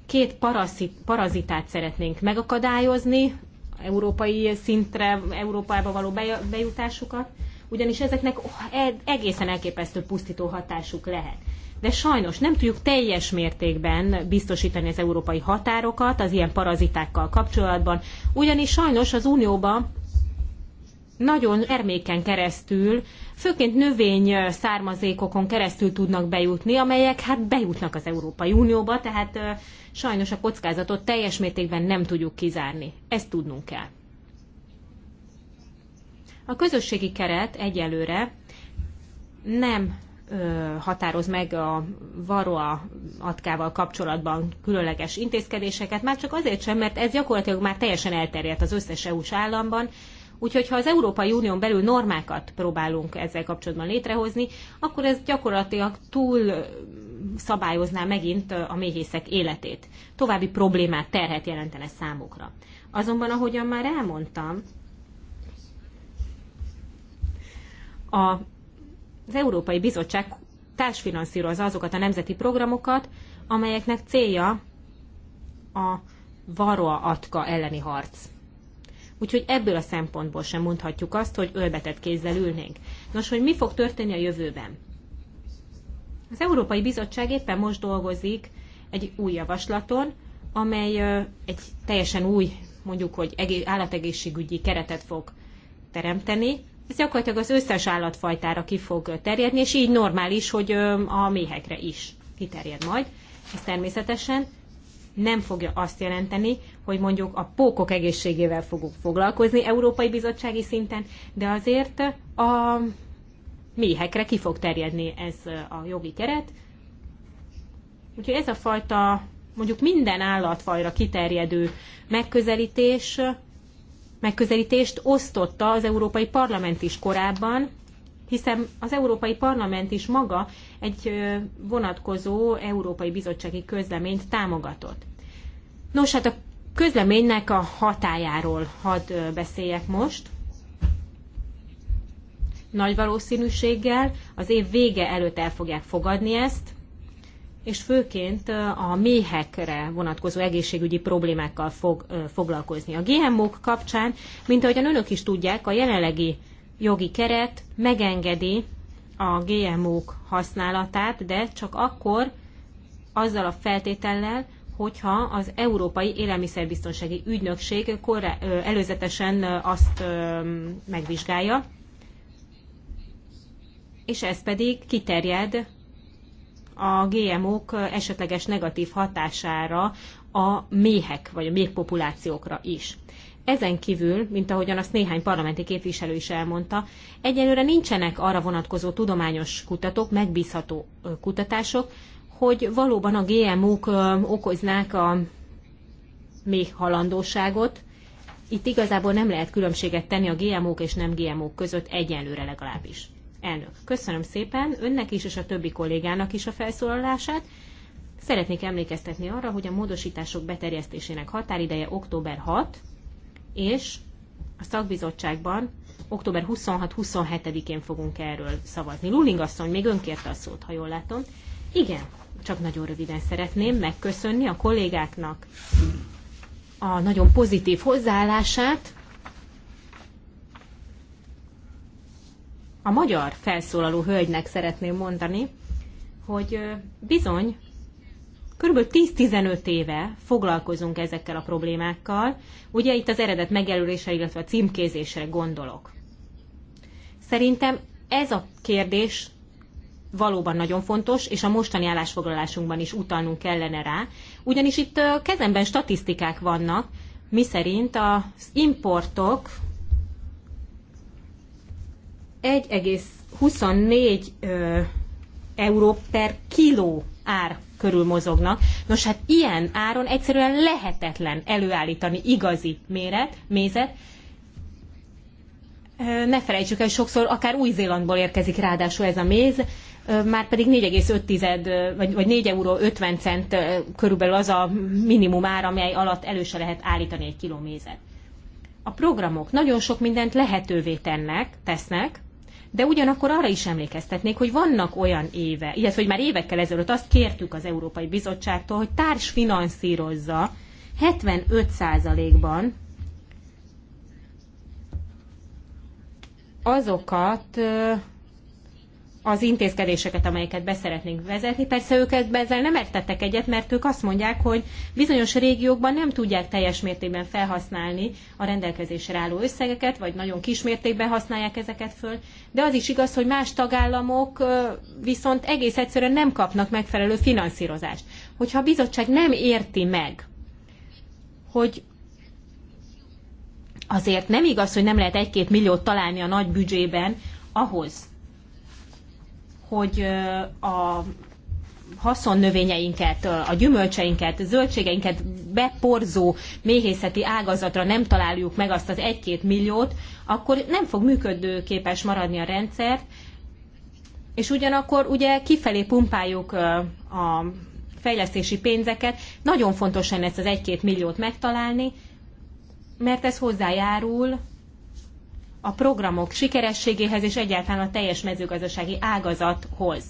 Két paraszit, parazitát szeretnénk megakadályozni, európai szintre, Európába való bejutásukat, ugyanis ezeknek e- egészen elképesztő pusztító hatásuk lehet. De sajnos nem tudjuk teljes mértékben biztosítani az európai határokat az ilyen parazitákkal kapcsolatban, ugyanis sajnos az Unióban nagyon erméken keresztül, főként növény származékokon keresztül tudnak bejutni, amelyek hát bejutnak az Európai Unióba, tehát sajnos a kockázatot teljes mértékben nem tudjuk kizárni. Ezt tudnunk kell. A közösségi keret egyelőre nem határoz meg a varroa atkával kapcsolatban különleges intézkedéseket, már csak azért sem, mert ez gyakorlatilag már teljesen elterjedt az összes EU-s államban, Úgyhogy ha az Európai Unión belül normákat próbálunk ezzel kapcsolatban létrehozni, akkor ez gyakorlatilag túl szabályozná megint a méhészek életét. További problémát terhet jelentene számukra. Azonban, ahogyan már elmondtam, a, az Európai Bizottság társfinanszírozza azokat a nemzeti programokat, amelyeknek célja a varroa atka elleni harc. Úgyhogy ebből a szempontból sem mondhatjuk azt, hogy ölbetett kézzel ülnénk. Nos, hogy mi fog történni a jövőben? Az Európai Bizottság éppen most dolgozik egy új javaslaton, amely egy teljesen új, mondjuk, hogy állategészségügyi keretet fog teremteni, ez gyakorlatilag az összes állatfajtára ki fog terjedni, és így normális, hogy a méhekre is kiterjed majd. Ez természetesen nem fogja azt jelenteni, hogy mondjuk a pókok egészségével fogunk foglalkozni európai bizottsági szinten, de azért a méhekre ki fog terjedni ez a jogi keret. Úgyhogy ez a fajta mondjuk minden állatfajra kiterjedő megközelítés megközelítést osztotta az Európai Parlament is korábban, hiszen az Európai Parlament is maga egy vonatkozó Európai Bizottsági Közleményt támogatott. Nos, hát a közleménynek a hatájáról hadd beszéljek most. Nagy valószínűséggel az év vége előtt el fogják fogadni ezt, és főként a méhekre vonatkozó egészségügyi problémákkal fog foglalkozni. A GMO-k kapcsán, mint ahogy önök is tudják, a jelenlegi jogi keret megengedi a GMO-k használatát, de csak akkor azzal a feltétellel, hogyha az Európai Élelmiszerbiztonsági Ügynökség korre, előzetesen azt megvizsgálja, és ez pedig kiterjed a GMO-k esetleges negatív hatására a méhek vagy a méhpopulációkra is. Ezen kívül, mint ahogyan azt néhány parlamenti képviselő is elmondta, egyelőre nincsenek arra vonatkozó tudományos kutatók, megbízható kutatások, hogy valóban a GMO-k okoznák a méh halandóságot. Itt igazából nem lehet különbséget tenni a GMO-k és nem GMO-k között egyenlőre legalábbis. Elnök, köszönöm szépen önnek is és a többi kollégának is a felszólalását. Szeretnék emlékeztetni arra, hogy a módosítások beterjesztésének határideje október 6, és a szakbizottságban október 26-27-én fogunk erről szavazni. Luling asszony még kérte a szót, ha jól látom. Igen, csak nagyon röviden szeretném megköszönni a kollégáknak a nagyon pozitív hozzáállását, a magyar felszólaló hölgynek szeretném mondani, hogy bizony kb. 10-15 éve foglalkozunk ezekkel a problémákkal. Ugye itt az eredet megjelölésre, illetve a címkézésre gondolok. Szerintem ez a kérdés valóban nagyon fontos, és a mostani állásfoglalásunkban is utalnunk kellene rá, ugyanis itt kezemben statisztikák vannak, miszerint az importok 1,24 euró per kiló ár körül mozognak. Nos, hát ilyen áron egyszerűen lehetetlen előállítani igazi méret, mézet. Ne felejtsük el, sokszor akár Új-Zélandból érkezik ráadásul ez a méz, már pedig 4,5 vagy, vagy 4 euró 50 cent körülbelül az a minimum ár, amely alatt elő se lehet állítani egy kiló mézet. A programok nagyon sok mindent lehetővé tennek, tesznek, de ugyanakkor arra is emlékeztetnék, hogy vannak olyan éve, illetve hogy már évekkel ezelőtt azt kértük az Európai Bizottságtól, hogy társfinanszírozza 75%-ban azokat az intézkedéseket, amelyeket beszeretnénk vezetni. Persze ők ezzel nem értettek egyet, mert ők azt mondják, hogy bizonyos régiókban nem tudják teljes mértékben felhasználni a rendelkezésre álló összegeket, vagy nagyon kis mértékben használják ezeket föl. De az is igaz, hogy más tagállamok viszont egész egyszerűen nem kapnak megfelelő finanszírozást. Hogyha a bizottság nem érti meg, hogy azért nem igaz, hogy nem lehet egy-két milliót találni a nagy büdzsében ahhoz, hogy a haszonnövényeinket, a gyümölcseinket, zöldségeinket beporzó méhészeti ágazatra nem találjuk meg azt az 1-2 milliót, akkor nem fog működőképes maradni a rendszer, és ugyanakkor ugye kifelé pumpáljuk a fejlesztési pénzeket. Nagyon fontos lenne ezt az 1-2 milliót megtalálni, mert ez hozzájárul a programok sikerességéhez és egyáltalán a teljes mezőgazdasági ágazathoz.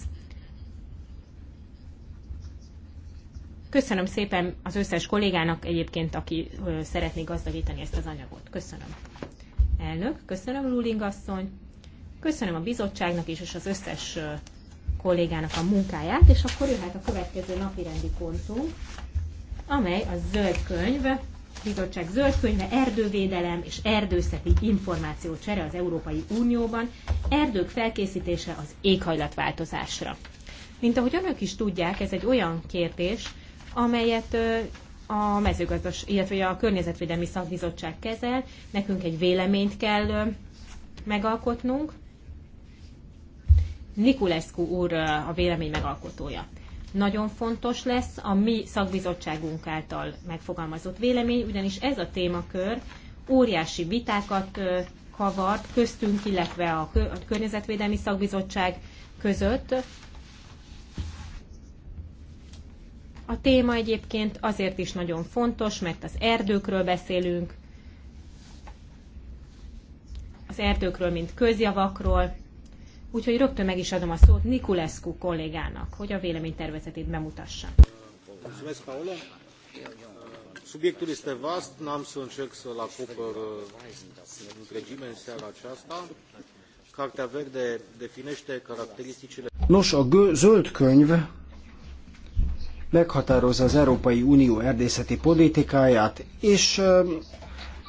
Köszönöm szépen az összes kollégának egyébként, aki szeretné gazdagítani ezt az anyagot. Köszönöm. Elnök, köszönöm Luling asszony, köszönöm a bizottságnak is, és az összes kollégának a munkáját, és akkor jöhet a következő napi rendi pontunk, amely a zöld könyv Bizottság zöld könyve, erdővédelem és erdőszeti információcsere az Európai Unióban, erdők felkészítése az éghajlatváltozásra. Mint ahogy önök is tudják, ez egy olyan kérdés, amelyet a mezőgazdas, illetve a Környezetvédelmi Szakbizottság kezel, nekünk egy véleményt kell megalkotnunk. Nikulescu úr a vélemény megalkotója nagyon fontos lesz a mi szakbizottságunk által megfogalmazott vélemény, ugyanis ez a témakör óriási vitákat kavart köztünk, illetve a Környezetvédelmi Szakbizottság között. A téma egyébként azért is nagyon fontos, mert az erdőkről beszélünk, az erdőkről, mint közjavakról, Úgyhogy rögtön meg is adom a szót Nikulescu kollégának, hogy a véleménytervezetét bemutassa. Subiectul este vast, n-am să încerc să-l acopăr uh, întregime în seara aceasta. Cartea verde definește caracteristicile... Nos, a zöld könyv meghatározza az Európai Unió erdészeti politikáját, és uh,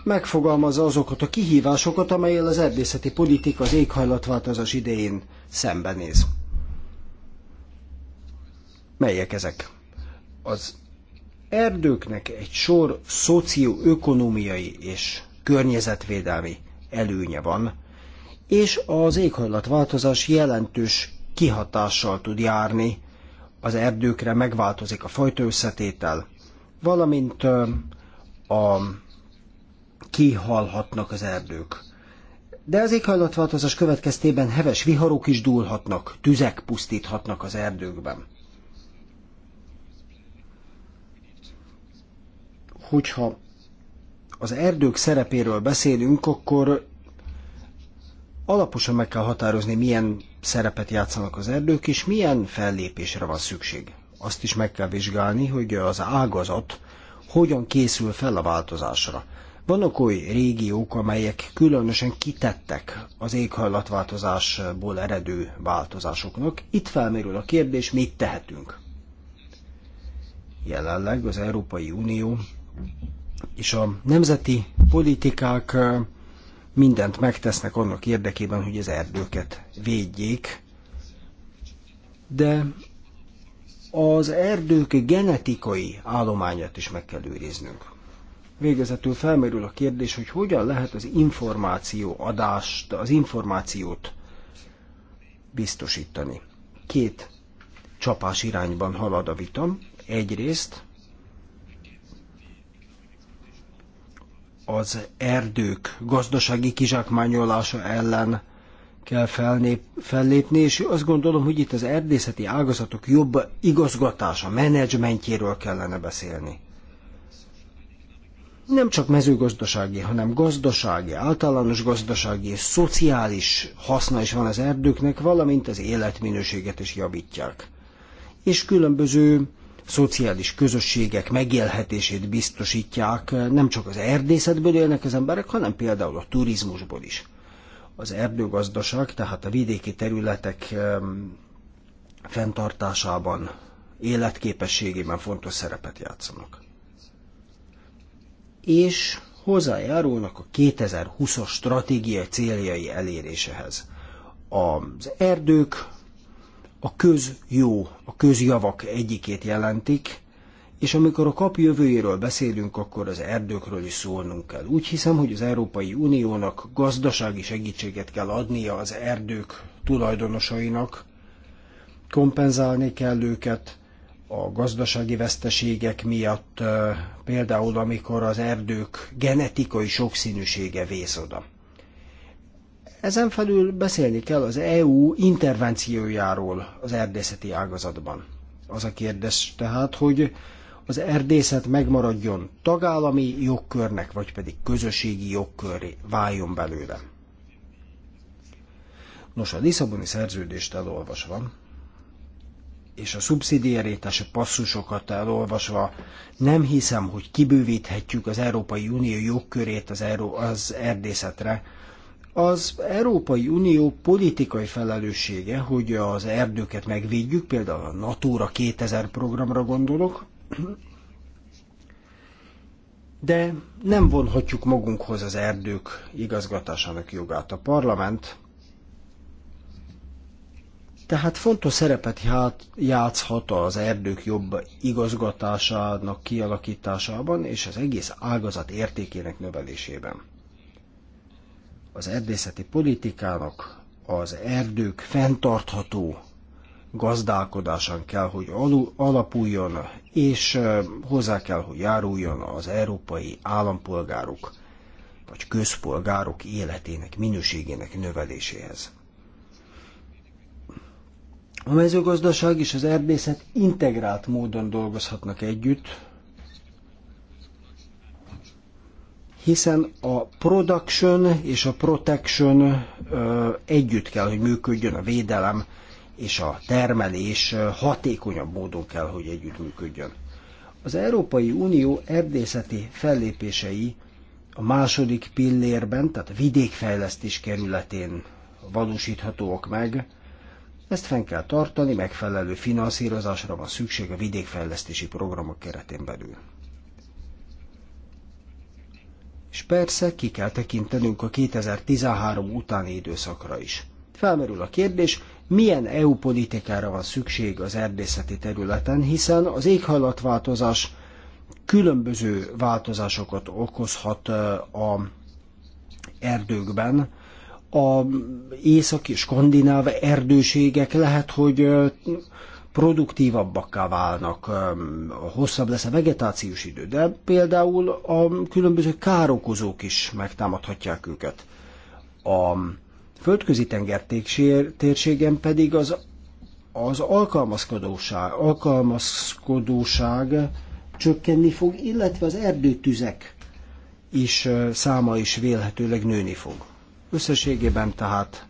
megfogalmazza azokat a kihívásokat, amelyel az erdészeti politika az éghajlatváltozás idején szembenéz. Melyek ezek? Az erdőknek egy sor szocioökonomiai és környezetvédelmi előnye van, és az éghajlatváltozás jelentős kihatással tud járni, az erdőkre megváltozik a fajta összetétel, valamint a kihalhatnak az erdők. De az éghajlatváltozás következtében heves viharok is dúlhatnak, tüzek pusztíthatnak az erdőkben. Hogyha az erdők szerepéről beszélünk, akkor alaposan meg kell határozni, milyen szerepet játszanak az erdők, és milyen fellépésre van szükség. Azt is meg kell vizsgálni, hogy az ágazat hogyan készül fel a változásra. Vannak oly régiók, amelyek különösen kitettek az éghajlatváltozásból eredő változásoknak. Itt felmerül a kérdés, mit tehetünk. Jelenleg az Európai Unió és a nemzeti politikák mindent megtesznek annak érdekében, hogy az erdőket védjék, de az erdők genetikai állományát is meg kell őriznünk. Végezetül felmerül a kérdés, hogy hogyan lehet az információ adást, az információt biztosítani. Két csapás irányban halad a vitam. Egyrészt az erdők gazdasági kizsákmányolása ellen kell felnép, fellépni, és azt gondolom, hogy itt az erdészeti ágazatok jobb igazgatása, menedzsmentjéről kellene beszélni nem csak mezőgazdasági, hanem gazdasági, általános gazdasági és szociális haszna is van az erdőknek, valamint az életminőséget is javítják. És különböző szociális közösségek megélhetését biztosítják, nem csak az erdészetből élnek az emberek, hanem például a turizmusból is. Az erdőgazdaság, tehát a vidéki területek fenntartásában, életképességében fontos szerepet játszanak és hozzájárulnak a 2020-as stratégia céljai eléréséhez. Az erdők a közjó, a közjavak egyikét jelentik, és amikor a kap jövőjéről beszélünk, akkor az erdőkről is szólnunk kell. Úgy hiszem, hogy az Európai Uniónak gazdasági segítséget kell adnia az erdők tulajdonosainak, kompenzálni kell őket a gazdasági veszteségek miatt, például amikor az erdők genetikai sokszínűsége vész oda. Ezen felül beszélni kell az EU intervenciójáról az erdészeti ágazatban. Az a kérdés tehát, hogy az erdészet megmaradjon tagállami jogkörnek, vagy pedig közösségi jogkörré váljon belőle. Nos, a Lisszaboni szerződést elolvasva, és a szubszidiaritási passzusokat elolvasva nem hiszem, hogy kibővíthetjük az Európai Unió jogkörét az, az erdészetre. Az Európai Unió politikai felelőssége, hogy az erdőket megvédjük, például a Natura 2000 programra gondolok, de nem vonhatjuk magunkhoz az erdők igazgatásának jogát. A parlament tehát fontos szerepet játszhat az erdők jobb igazgatásának kialakításában és az egész ágazat értékének növelésében. Az erdészeti politikának az erdők fenntartható gazdálkodásán kell, hogy alapuljon, és hozzá kell, hogy járuljon az európai állampolgárok vagy közpolgárok életének minőségének növeléséhez. A mezőgazdaság és az erdészet integrált módon dolgozhatnak együtt, hiszen a production és a protection ö, együtt kell, hogy működjön a védelem, és a termelés hatékonyabb módon kell, hogy együtt működjön. Az Európai Unió erdészeti fellépései a második pillérben, tehát a vidékfejlesztés kerületén valósíthatóak meg, ezt fenn kell tartani, megfelelő finanszírozásra van szükség a vidékfejlesztési programok keretén belül. És persze ki kell tekintenünk a 2013 utáni időszakra is. Felmerül a kérdés, milyen EU politikára van szükség az erdészeti területen, hiszen az éghajlatváltozás különböző változásokat okozhat a erdőkben, a északi skandináv erdőségek lehet, hogy produktívabbakká válnak, hosszabb lesz a vegetációs idő, de például a különböző károkozók is megtámadhatják őket. A földközi tenger térségen pedig az, az alkalmazkodóság, alkalmazkodóság csökkenni fog, illetve az erdőtüzek is száma is vélhetőleg nőni fog. Összességében tehát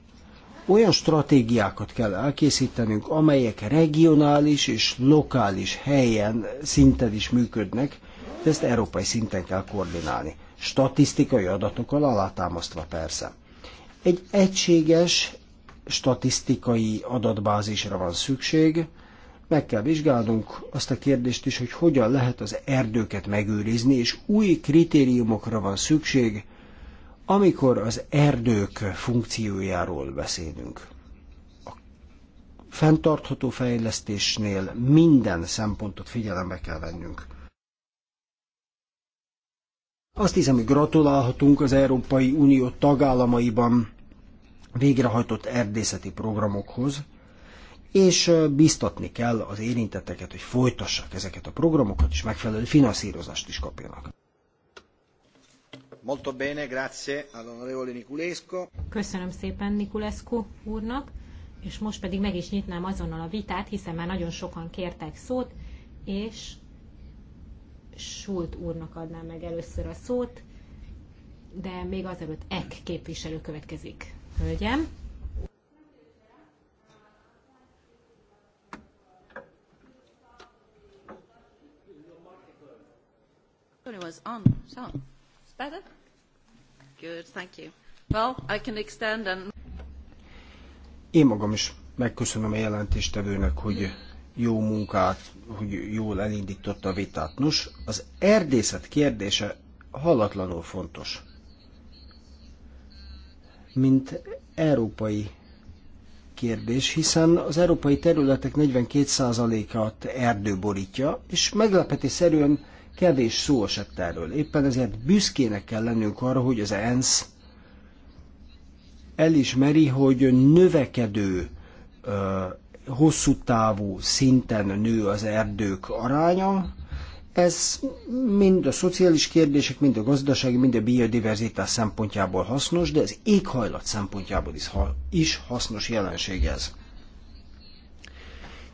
olyan stratégiákat kell elkészítenünk, amelyek regionális és lokális helyen szinten is működnek, de ezt európai szinten kell koordinálni. Statisztikai adatokkal alátámasztva persze. Egy egységes statisztikai adatbázisra van szükség, meg kell vizsgálnunk azt a kérdést is, hogy hogyan lehet az erdőket megőrizni, és új kritériumokra van szükség, amikor az erdők funkciójáról beszélünk, a fenntartható fejlesztésnél minden szempontot figyelembe kell vennünk. Azt hiszem, hogy gratulálhatunk az Európai Unió tagállamaiban végrehajtott erdészeti programokhoz, és biztatni kell az érintetteket, hogy folytassák ezeket a programokat, és megfelelő finanszírozást is kapjanak. Molto bene, grazie all'onorevole Köszönöm szépen Niculescu úrnak, és most pedig meg is nyitnám azonnal a vitát, hiszen már nagyon sokan kértek szót, és Schult úrnak adnám meg először a szót, de még azelőtt Ek képviselő következik. Hölgyem! It was on, so it's better. Good, thank you. Well, I can extend and... Én magam is megköszönöm a jelentéstevőnek, hogy jó munkát, hogy jól elindította a vitát. Nos, az erdészet kérdése hallatlanul fontos. Mint európai kérdés, hiszen az európai területek 42%-át erdő borítja, és meglepetésszerűen Kevés szó esett erről. Éppen ezért büszkének kell lennünk arra, hogy az ENSZ elismeri, hogy növekedő hosszú távú szinten nő az erdők aránya. Ez mind a szociális kérdések, mind a gazdasági, mind a biodiverzitás szempontjából hasznos, de az éghajlat szempontjából is hasznos jelenség ez.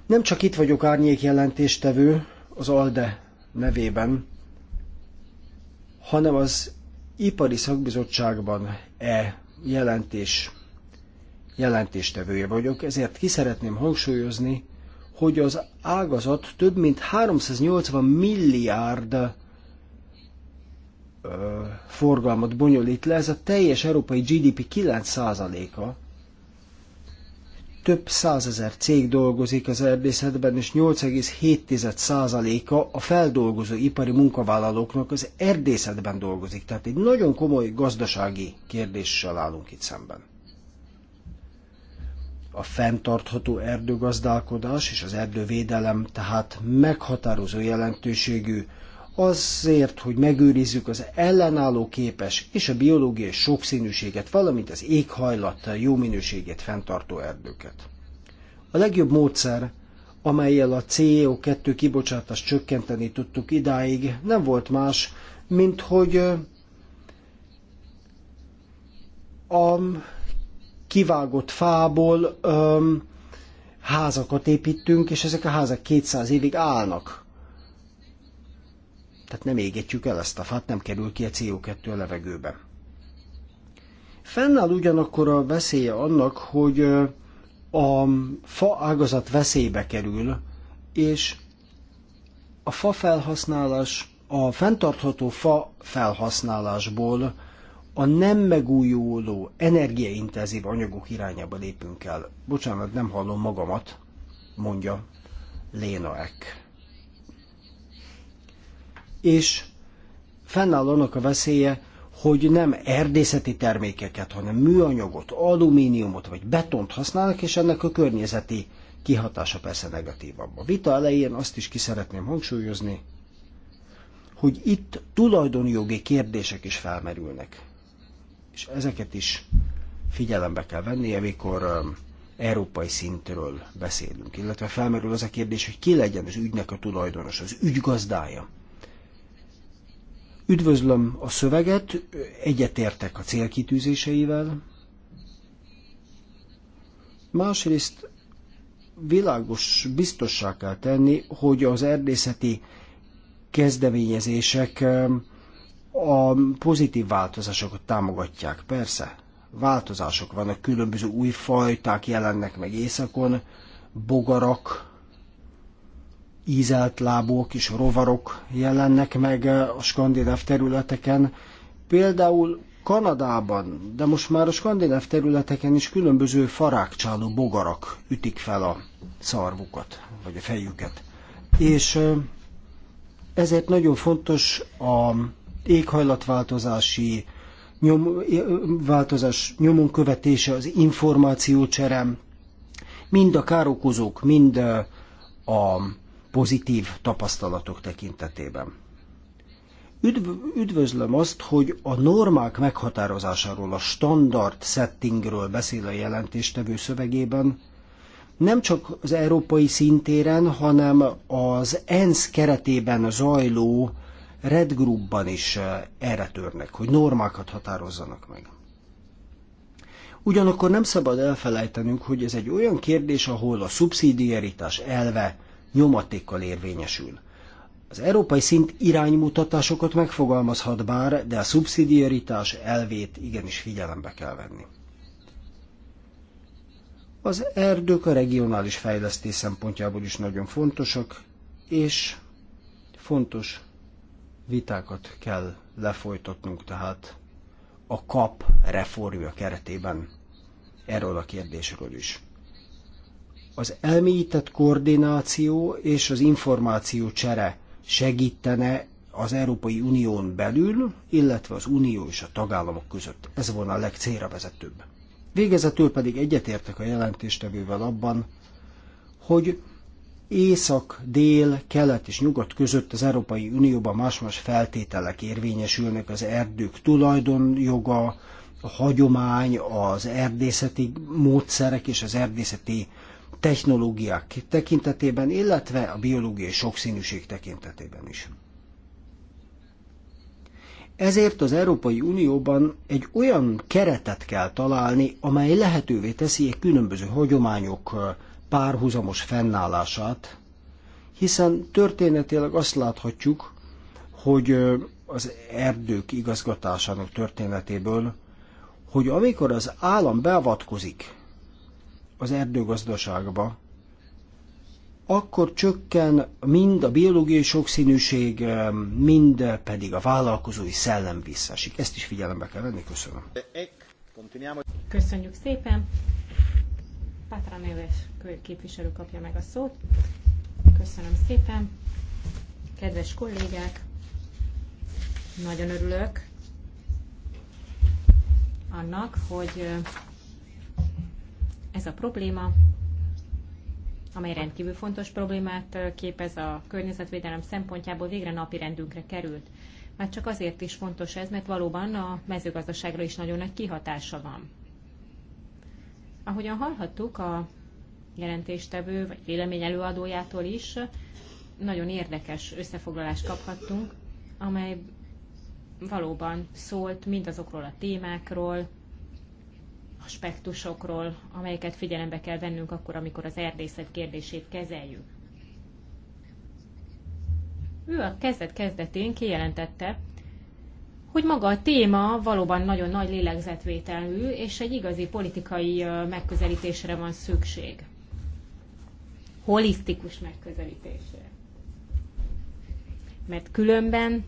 Nem csak itt vagyok árnyék jelentéstevő az ALDE nevében, hanem az ipari szakbizottságban e jelentés jelentéstevője vagyok, ezért ki szeretném hangsúlyozni, hogy az ágazat több mint 380 milliárd forgalmat bonyolít le, ez a teljes európai GDP 9%-a, több százezer cég dolgozik az erdészetben, és 8,7%-a a feldolgozó ipari munkavállalóknak az erdészetben dolgozik. Tehát egy nagyon komoly gazdasági kérdéssel állunk itt szemben. A fenntartható erdőgazdálkodás és az erdővédelem tehát meghatározó jelentőségű azért, hogy megőrizzük az ellenálló képes és a biológiai sokszínűséget, valamint az éghajlat jó minőségét fenntartó erdőket. A legjobb módszer, amelyel a CO2 kibocsátást csökkenteni tudtuk idáig, nem volt más, mint hogy a kivágott fából házakat építünk, és ezek a házak 200 évig állnak tehát nem égetjük el ezt a fát, nem kerül ki a CO2 a levegőbe. Fennáll ugyanakkor a veszélye annak, hogy a fa ágazat veszélybe kerül, és a fa felhasználás, a fenntartható fa felhasználásból a nem megújuló, energiaintenzív anyagok irányába lépünk el. Bocsánat, nem hallom magamat, mondja Léna Eck és fennáll annak a veszélye, hogy nem erdészeti termékeket, hanem műanyagot, alumíniumot vagy betont használnak, és ennek a környezeti kihatása persze negatívabb. A vita elején azt is ki szeretném hangsúlyozni, hogy itt tulajdonjogi kérdések is felmerülnek. És ezeket is figyelembe kell venni, amikor um, európai szintről beszélünk, illetve felmerül az a kérdés, hogy ki legyen az ügynek a tulajdonos, az ügygazdája. Üdvözlöm a szöveget, egyetértek a célkitűzéseivel. Másrészt világos biztossá kell tenni, hogy az erdészeti kezdeményezések a pozitív változásokat támogatják. Persze, változások vannak, különböző új fajták jelennek meg északon, bogarak, ízelt lábok és rovarok jelennek meg eh, a skandináv területeken. Például Kanadában, de most már a skandináv területeken is különböző farákcsáló bogarak ütik fel a szarvukat, vagy a fejüket. És eh, ezért nagyon fontos a éghajlatváltozási nyom, változás nyomon követése, az információcserem, mind a károkozók, mind eh, a pozitív tapasztalatok tekintetében. Üdv, üdvözlöm azt, hogy a normák meghatározásáról, a standard settingről beszél a jelentéstevő szövegében, nem csak az európai szintéren, hanem az ENSZ keretében zajló Red Groupban is eh, erre törnek, hogy normákat határozzanak meg. Ugyanakkor nem szabad elfelejtenünk, hogy ez egy olyan kérdés, ahol a szubszidiaritás elve nyomatékkal érvényesül. Az európai szint iránymutatásokat megfogalmazhat bár, de a szubszidiaritás elvét igenis figyelembe kell venni. Az erdők a regionális fejlesztés szempontjából is nagyon fontosak, és fontos vitákat kell lefolytatnunk tehát a kap reformja keretében erről a kérdésről is az elmélyített koordináció és az információ csere segítene az Európai Unión belül, illetve az Unió és a tagállamok között. Ez volna a legcélra vezetőbb. Végezetül pedig egyetértek a jelentéstevővel abban, hogy észak, dél, kelet és nyugat között az Európai Unióban más-más feltételek érvényesülnek, az erdők tulajdonjoga, a hagyomány, az erdészeti módszerek és az erdészeti technológiák tekintetében, illetve a biológiai sokszínűség tekintetében is. Ezért az Európai Unióban egy olyan keretet kell találni, amely lehetővé teszi egy különböző hagyományok párhuzamos fennállását, hiszen történetileg azt láthatjuk, hogy az erdők igazgatásának történetéből, hogy amikor az állam beavatkozik az erdőgazdaságba, akkor csökken mind a biológiai sokszínűség, mind pedig a vállalkozói szellem visszaesik. Ezt is figyelembe kell venni. Köszönöm. Köszönjük szépen. Pátra néves képviselő kapja meg a szót. Köszönöm szépen. Kedves kollégák, nagyon örülök annak, hogy ez a probléma, amely rendkívül fontos problémát képez a környezetvédelem szempontjából, végre napirendünkre került. Már csak azért is fontos ez, mert valóban a mezőgazdaságra is nagyon nagy kihatása van. Ahogyan hallhattuk a jelentéstevő vagy vélemény előadójától is, nagyon érdekes összefoglalást kaphattunk, amely valóban szólt mindazokról a témákról, aspektusokról, amelyeket figyelembe kell vennünk akkor, amikor az erdészet kérdését kezeljük. Ő a kezdet-kezdetén kijelentette, hogy maga a téma valóban nagyon nagy lélegzetvételű, és egy igazi politikai megközelítésre van szükség. Holisztikus megközelítésre. Mert különben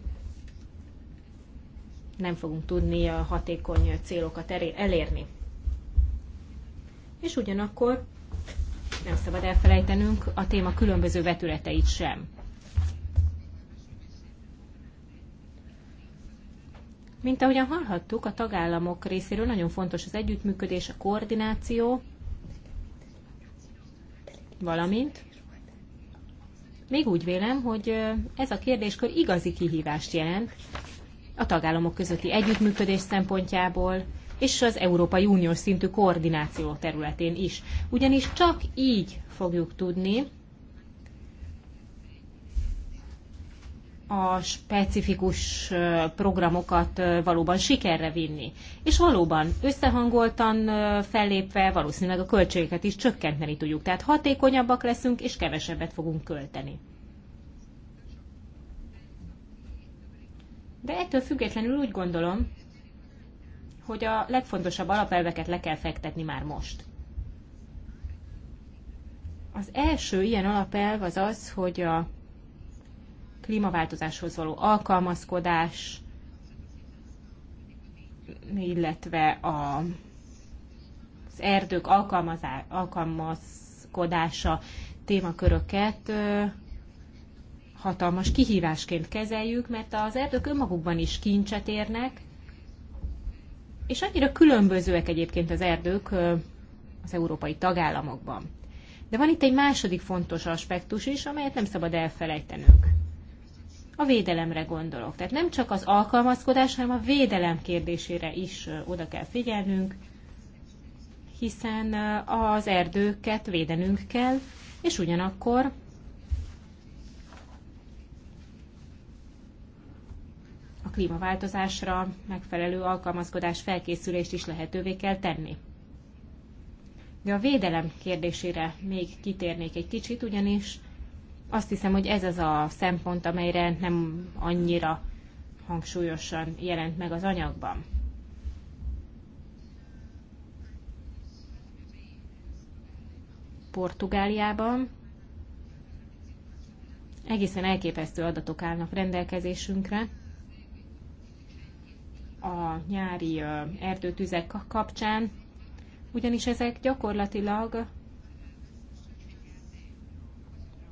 nem fogunk tudni a hatékony célokat elérni és ugyanakkor nem szabad elfelejtenünk a téma különböző vetületeit sem. Mint ahogyan hallhattuk, a tagállamok részéről nagyon fontos az együttműködés, a koordináció, valamint még úgy vélem, hogy ez a kérdéskör igazi kihívást jelent a tagállamok közötti együttműködés szempontjából, és az Európai Uniós szintű koordináció területén is. Ugyanis csak így fogjuk tudni a specifikus programokat valóban sikerre vinni. És valóban összehangoltan fellépve valószínűleg a költségeket is csökkenteni tudjuk. Tehát hatékonyabbak leszünk, és kevesebbet fogunk költeni. De ettől függetlenül úgy gondolom, hogy a legfontosabb alapelveket le kell fektetni már most. Az első ilyen alapelv az az, hogy a klímaváltozáshoz való alkalmazkodás, illetve a, az erdők alkalmazkodása témaköröket hatalmas kihívásként kezeljük, mert az erdők önmagukban is kincset érnek, és annyira különbözőek egyébként az erdők az európai tagállamokban. De van itt egy második fontos aspektus is, amelyet nem szabad elfelejtenünk. A védelemre gondolok. Tehát nem csak az alkalmazkodás, hanem a védelem kérdésére is oda kell figyelnünk, hiszen az erdőket védenünk kell, és ugyanakkor klímaváltozásra megfelelő alkalmazkodás felkészülést is lehetővé kell tenni. De a védelem kérdésére még kitérnék egy kicsit, ugyanis azt hiszem, hogy ez az a szempont, amelyre nem annyira hangsúlyosan jelent meg az anyagban. Portugáliában egészen elképesztő adatok állnak rendelkezésünkre a nyári erdőtüzek kapcsán, ugyanis ezek gyakorlatilag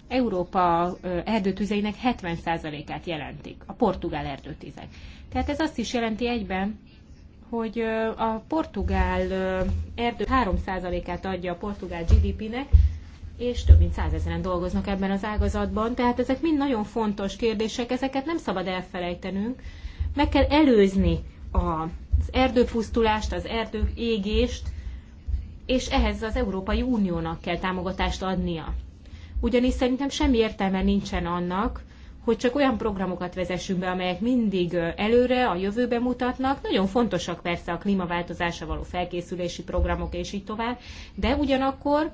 Európa erdőtüzeinek 70%-át jelentik, a portugál erdőtüzek. Tehát ez azt is jelenti egyben, hogy a portugál erdő 3%-át adja a portugál GDP-nek, és több mint százezeren dolgoznak ebben az ágazatban, tehát ezek mind nagyon fontos kérdések, ezeket nem szabad elfelejtenünk, meg kell előzni az erdőpusztulást, az erdők égést, és ehhez az Európai Uniónak kell támogatást adnia. Ugyanis szerintem semmi értelme nincsen annak, hogy csak olyan programokat vezessünk be, amelyek mindig előre, a jövőbe mutatnak. Nagyon fontosak persze a klímaváltozásra való felkészülési programok és így tovább, de ugyanakkor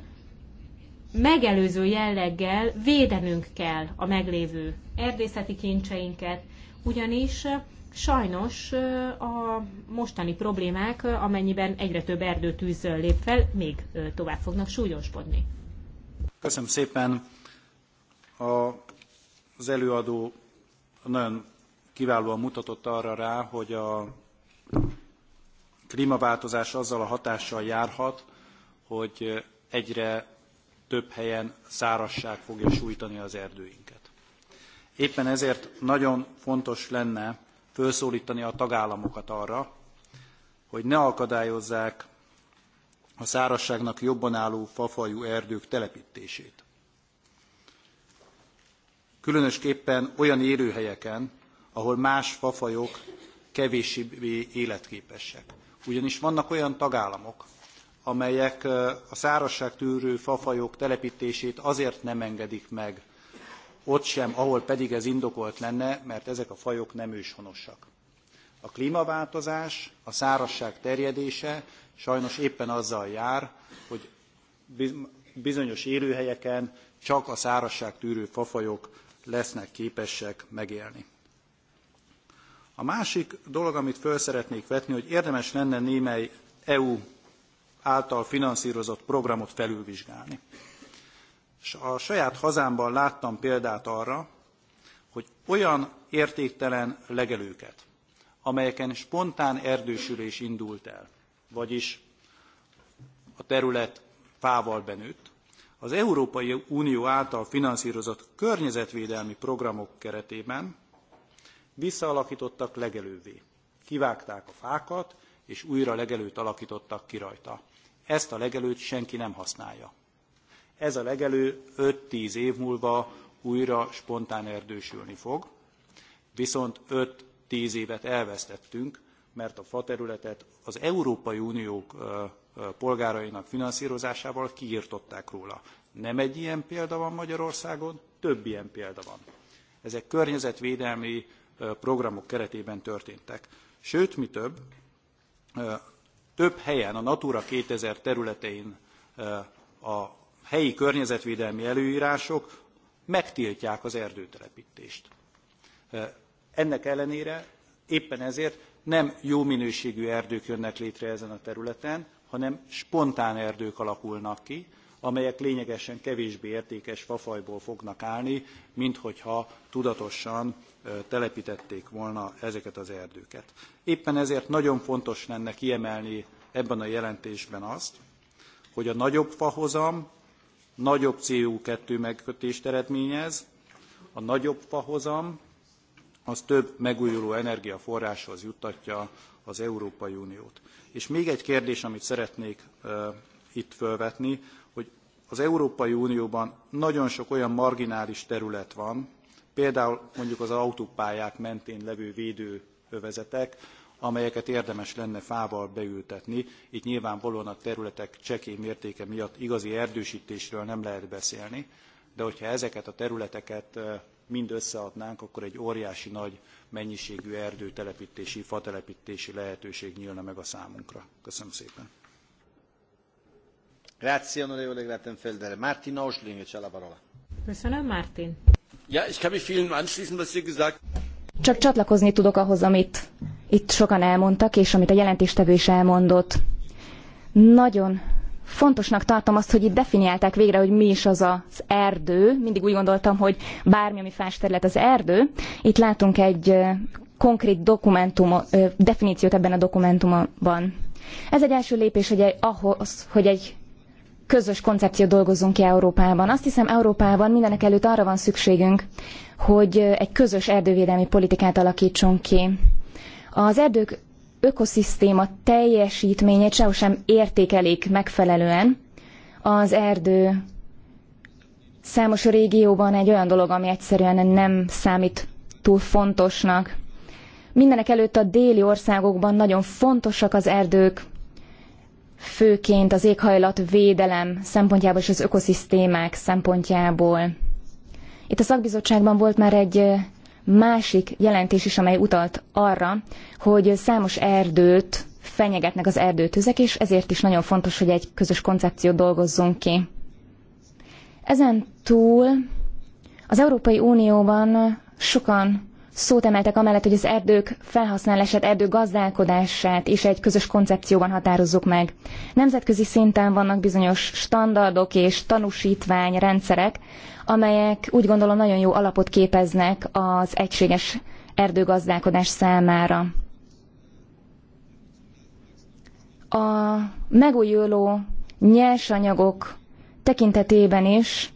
megelőző jelleggel védenünk kell a meglévő erdészeti kincseinket, ugyanis Sajnos a mostani problémák, amennyiben egyre több erdőtűz lép fel, még tovább fognak súlyosbodni. Köszönöm szépen. A, az előadó nagyon kiválóan mutatott arra rá, hogy a klímaváltozás azzal a hatással járhat, hogy egyre több helyen szárasság fogja sújtani az erdőinket. Éppen ezért nagyon fontos lenne, felszólítani a tagállamokat arra, hogy ne akadályozzák a szárazságnak jobban álló fafajú erdők telepítését. Különösképpen olyan élőhelyeken, ahol más fafajok kevésbé életképesek. Ugyanis vannak olyan tagállamok, amelyek a szárazságtűrő fafajok telepítését azért nem engedik meg ott sem, ahol pedig ez indokolt lenne, mert ezek a fajok nem őshonosak. A klímaváltozás, a szárazság terjedése sajnos éppen azzal jár, hogy bizonyos élőhelyeken csak a szárazságtűrő fafajok lesznek képesek megélni. A másik dolog, amit föl szeretnék vetni, hogy érdemes lenne némely EU által finanszírozott programot felülvizsgálni a saját hazámban láttam példát arra, hogy olyan értéktelen legelőket, amelyeken spontán erdősülés indult el, vagyis a terület fával benőtt, az Európai Unió által finanszírozott környezetvédelmi programok keretében visszaalakítottak legelővé. Kivágták a fákat, és újra legelőt alakítottak ki rajta. Ezt a legelőt senki nem használja. Ez a legelő 5-10 év múlva újra spontán erdősülni fog, viszont 5-10 évet elvesztettünk, mert a fa területet az Európai Unió polgárainak finanszírozásával kiirtották róla. Nem egy ilyen példa van Magyarországon, több ilyen példa van. Ezek környezetvédelmi programok keretében történtek. Sőt, mi több, több helyen a Natura 2000 területein a helyi környezetvédelmi előírások megtiltják az erdőtelepítést. Ennek ellenére éppen ezért nem jó minőségű erdők jönnek létre ezen a területen, hanem spontán erdők alakulnak ki, amelyek lényegesen kevésbé értékes fafajból fognak állni, mint hogyha tudatosan telepítették volna ezeket az erdőket. Éppen ezért nagyon fontos lenne kiemelni ebben a jelentésben azt, hogy a nagyobb fahozam nagyobb CO2 megkötést eredményez, a nagyobb fahozam az több megújuló energiaforráshoz juttatja az Európai Uniót. És még egy kérdés, amit szeretnék uh, itt fölvetni, hogy az Európai Unióban nagyon sok olyan marginális terület van, például mondjuk az autópályák mentén levő védőövezetek, amelyeket érdemes lenne fával beültetni. Itt nyilvánvalóan a területek csekély mértéke miatt igazi erdősítésről nem lehet beszélni, de hogyha ezeket a területeket mind összeadnánk, akkor egy óriási nagy mennyiségű erdőtelepítési, fatelepítési lehetőség nyílna meg a számunkra. Köszönöm szépen. Grazie, onorevole Grattenfelder. Martin Osling, c'è la parola. Köszönöm, Martin. Ja, ich kann mich vielen anschließen, was Sie gesagt Csak csatlakozni tudok ahhoz, amit itt sokan elmondtak, és amit a jelentéstevő is elmondott. Nagyon fontosnak tartom azt, hogy itt definiálták végre, hogy mi is az az erdő. Mindig úgy gondoltam, hogy bármi, ami fás terület, az erdő. Itt látunk egy konkrét dokumentum, definíciót ebben a dokumentumban. Ez egy első lépés hogy egy, ahhoz, hogy egy közös koncepciót dolgozzunk ki Európában. Azt hiszem, Európában mindenek előtt arra van szükségünk, hogy egy közös erdővédelmi politikát alakítsunk ki. Az erdők ökoszisztéma teljesítményét sehol értékelik megfelelően. Az erdő számos régióban egy olyan dolog, ami egyszerűen nem számít túl fontosnak. Mindenek előtt a déli országokban nagyon fontosak az erdők, főként az éghajlat védelem szempontjából és az ökoszisztémák szempontjából. Itt a szakbizottságban volt már egy másik jelentés is, amely utalt arra, hogy számos erdőt fenyegetnek az erdőtüzek, és ezért is nagyon fontos, hogy egy közös koncepciót dolgozzunk ki. Ezen túl az Európai Unióban sokan szót emeltek amellett, hogy az erdők felhasználását, gazdálkodását is egy közös koncepcióban határozzuk meg. Nemzetközi szinten vannak bizonyos standardok és tanúsítványrendszerek, amelyek úgy gondolom nagyon jó alapot képeznek az egységes erdőgazdálkodás számára. A megújuló nyersanyagok tekintetében is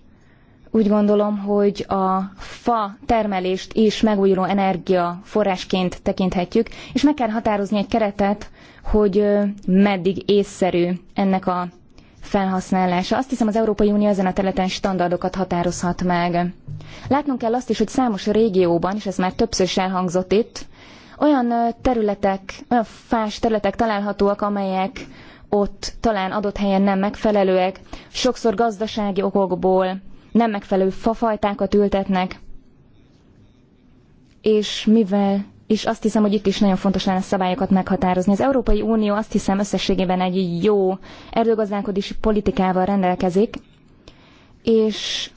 úgy gondolom, hogy a fa termelést is megújuló energia forrásként tekinthetjük, és meg kell határozni egy keretet, hogy meddig észszerű ennek a felhasználása. Azt hiszem az Európai Unió ezen a területen standardokat határozhat meg. Látnunk kell azt is, hogy számos régióban, és ez már többször is elhangzott itt, olyan területek, olyan fás területek találhatóak, amelyek ott talán adott helyen nem megfelelőek, sokszor gazdasági okokból nem megfelelő fafajtákat ültetnek, és mivel és azt hiszem, hogy itt is nagyon fontos lenne szabályokat meghatározni. Az Európai Unió azt hiszem összességében egy jó erdőgazdálkodási politikával rendelkezik, és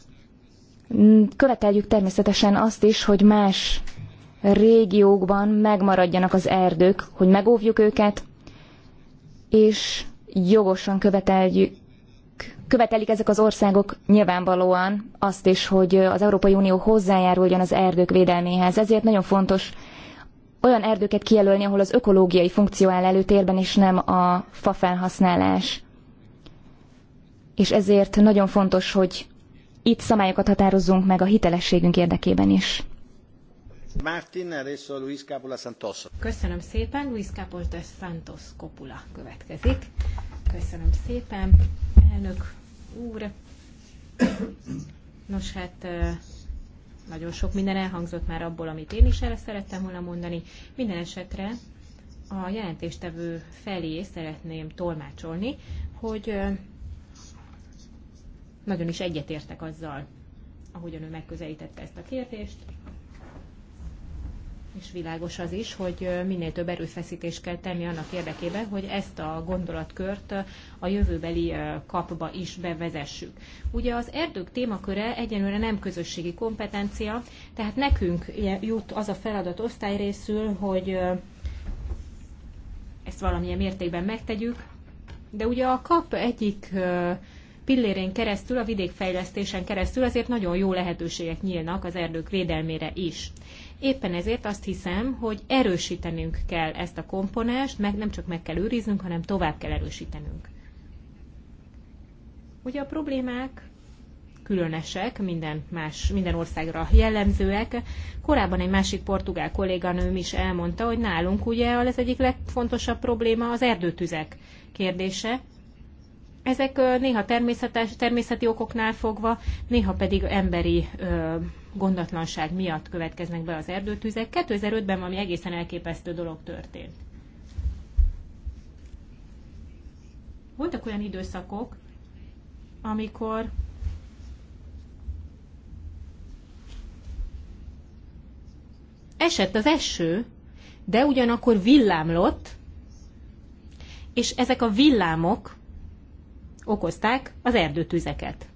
követeljük természetesen azt is, hogy más régiókban megmaradjanak az erdők, hogy megóvjuk őket, és jogosan követeljük, követelik ezek az országok nyilvánvalóan azt is, hogy az Európai Unió hozzájáruljon az erdők védelméhez. Ezért nagyon fontos olyan erdőket kijelölni, ahol az ökológiai funkció áll előtérben, és nem a fafelhasználás. És ezért nagyon fontos, hogy itt szabályokat határozzunk meg a hitelességünk érdekében is. Martin, adesso Luis Capula Santos. Köszönöm szépen, Luis Capula Santos Copula következik. Köszönöm szépen, elnök úr. Nos hát nagyon sok minden elhangzott már abból, amit én is erre szerettem volna mondani. Minden esetre a jelentéstevő felé szeretném tolmácsolni, hogy nagyon is egyetértek azzal, ahogyan ő megközelítette ezt a kérdést, és világos az is, hogy minél több erőfeszítést kell tenni annak érdekében, hogy ezt a gondolatkört a jövőbeli kapba is bevezessük. Ugye az erdők témaköre egyenlőre nem közösségi kompetencia, tehát nekünk jut az a feladat osztályrészül, hogy ezt valamilyen mértékben megtegyük, de ugye a kap egyik pillérén keresztül, a vidékfejlesztésen keresztül azért nagyon jó lehetőségek nyílnak az erdők védelmére is. Éppen ezért azt hiszem, hogy erősítenünk kell ezt a komponást, meg nem csak meg kell őriznünk, hanem tovább kell erősítenünk. Ugye a problémák különösek, minden, más, minden országra jellemzőek. Korábban egy másik portugál kolléganőm is elmondta, hogy nálunk ugye az egyik legfontosabb probléma az erdőtüzek kérdése, ezek néha természetes, természeti okoknál fogva, néha pedig emberi ö, gondatlanság miatt következnek be az erdőtüzek. 2005-ben valami egészen elképesztő dolog történt. Voltak olyan időszakok, amikor esett az eső, de ugyanakkor villámlott, és ezek a villámok okozták az erdőtüzeket.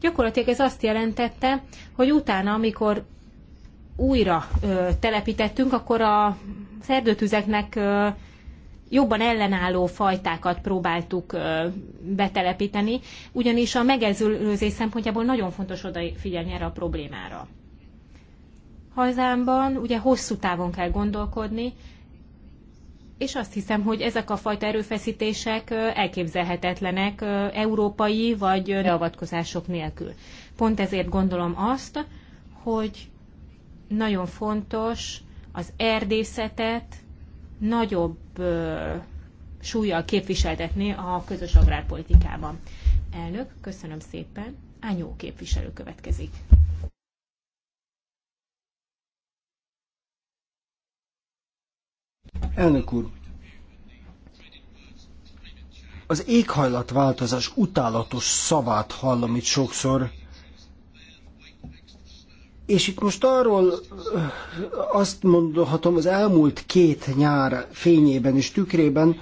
Gyakorlatilag ez azt jelentette, hogy utána, amikor újra ö, telepítettünk, akkor a erdőtüzeknek ö, jobban ellenálló fajtákat próbáltuk betelepíteni, ugyanis a megezőlőzés szempontjából nagyon fontos odafigyelni erre a problémára. Hazámban ugye hosszú távon kell gondolkodni, és azt hiszem, hogy ezek a fajta erőfeszítések elképzelhetetlenek európai vagy beavatkozások nélkül. Pont ezért gondolom azt, hogy nagyon fontos az erdészetet, nagyobb súlyjal képviseltetni a közös agrárpolitikában. Elnök, köszönöm szépen. Ányó képviselő következik. Elnök úr, az éghajlatváltozás utálatos szavát hallom itt sokszor, és itt most arról azt mondhatom az elmúlt két nyár fényében és tükrében,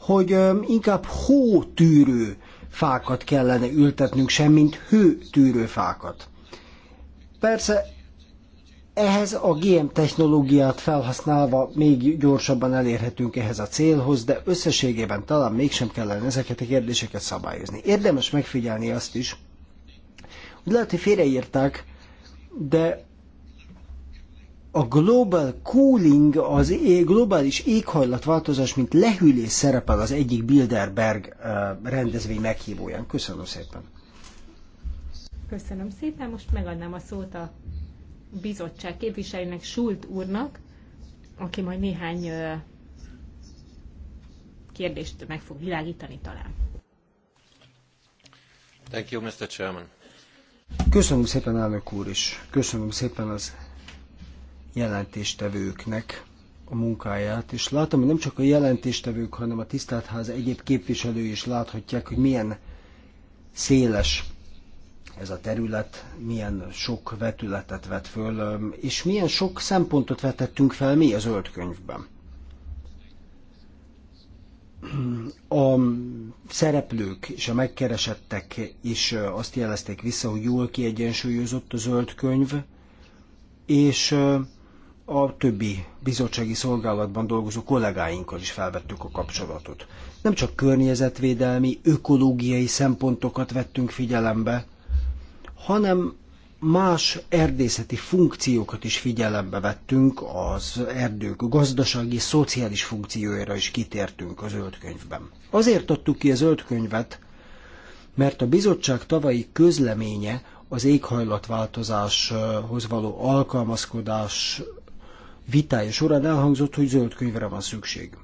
hogy inkább hótűrő fákat kellene ültetnünk, semmint hőtűrő fákat. Persze ehhez a GM technológiát felhasználva még gyorsabban elérhetünk ehhez a célhoz, de összességében talán mégsem kellene ezeket a kérdéseket szabályozni. Érdemes megfigyelni azt is, hogy lehet, hogy félreírták de a global cooling, az é- globális éghajlatváltozás, mint lehűlés szerepel az egyik Bilderberg rendezvény meghívóján. Köszönöm szépen. Köszönöm szépen, most megadnám a szót a bizottság képviselőnek, Sult úrnak, aki majd néhány kérdést meg fog világítani talán. Thank you, Mr. Chairman. Köszönöm szépen, elnök úr, és köszönöm szépen az jelentéstevőknek a munkáját, és látom, hogy nem csak a jelentéstevők, hanem a tisztelt ház egyéb képviselői is láthatják, hogy milyen széles ez a terület, milyen sok vetületet vet föl, és milyen sok szempontot vetettünk fel mi a zöld könyvben a szereplők és a megkeresettek is azt jelezték vissza, hogy jól kiegyensúlyozott a zöld könyv, és a többi bizottsági szolgálatban dolgozó kollégáinkkal is felvettük a kapcsolatot. Nem csak környezetvédelmi, ökológiai szempontokat vettünk figyelembe, hanem más erdészeti funkciókat is figyelembe vettünk, az erdők gazdasági, szociális funkcióira is kitértünk a zöld könyvben. Azért adtuk ki a zöld könyvet, mert a bizottság tavalyi közleménye az éghajlatváltozáshoz való alkalmazkodás vitája során elhangzott, hogy zöld könyvre van szükség.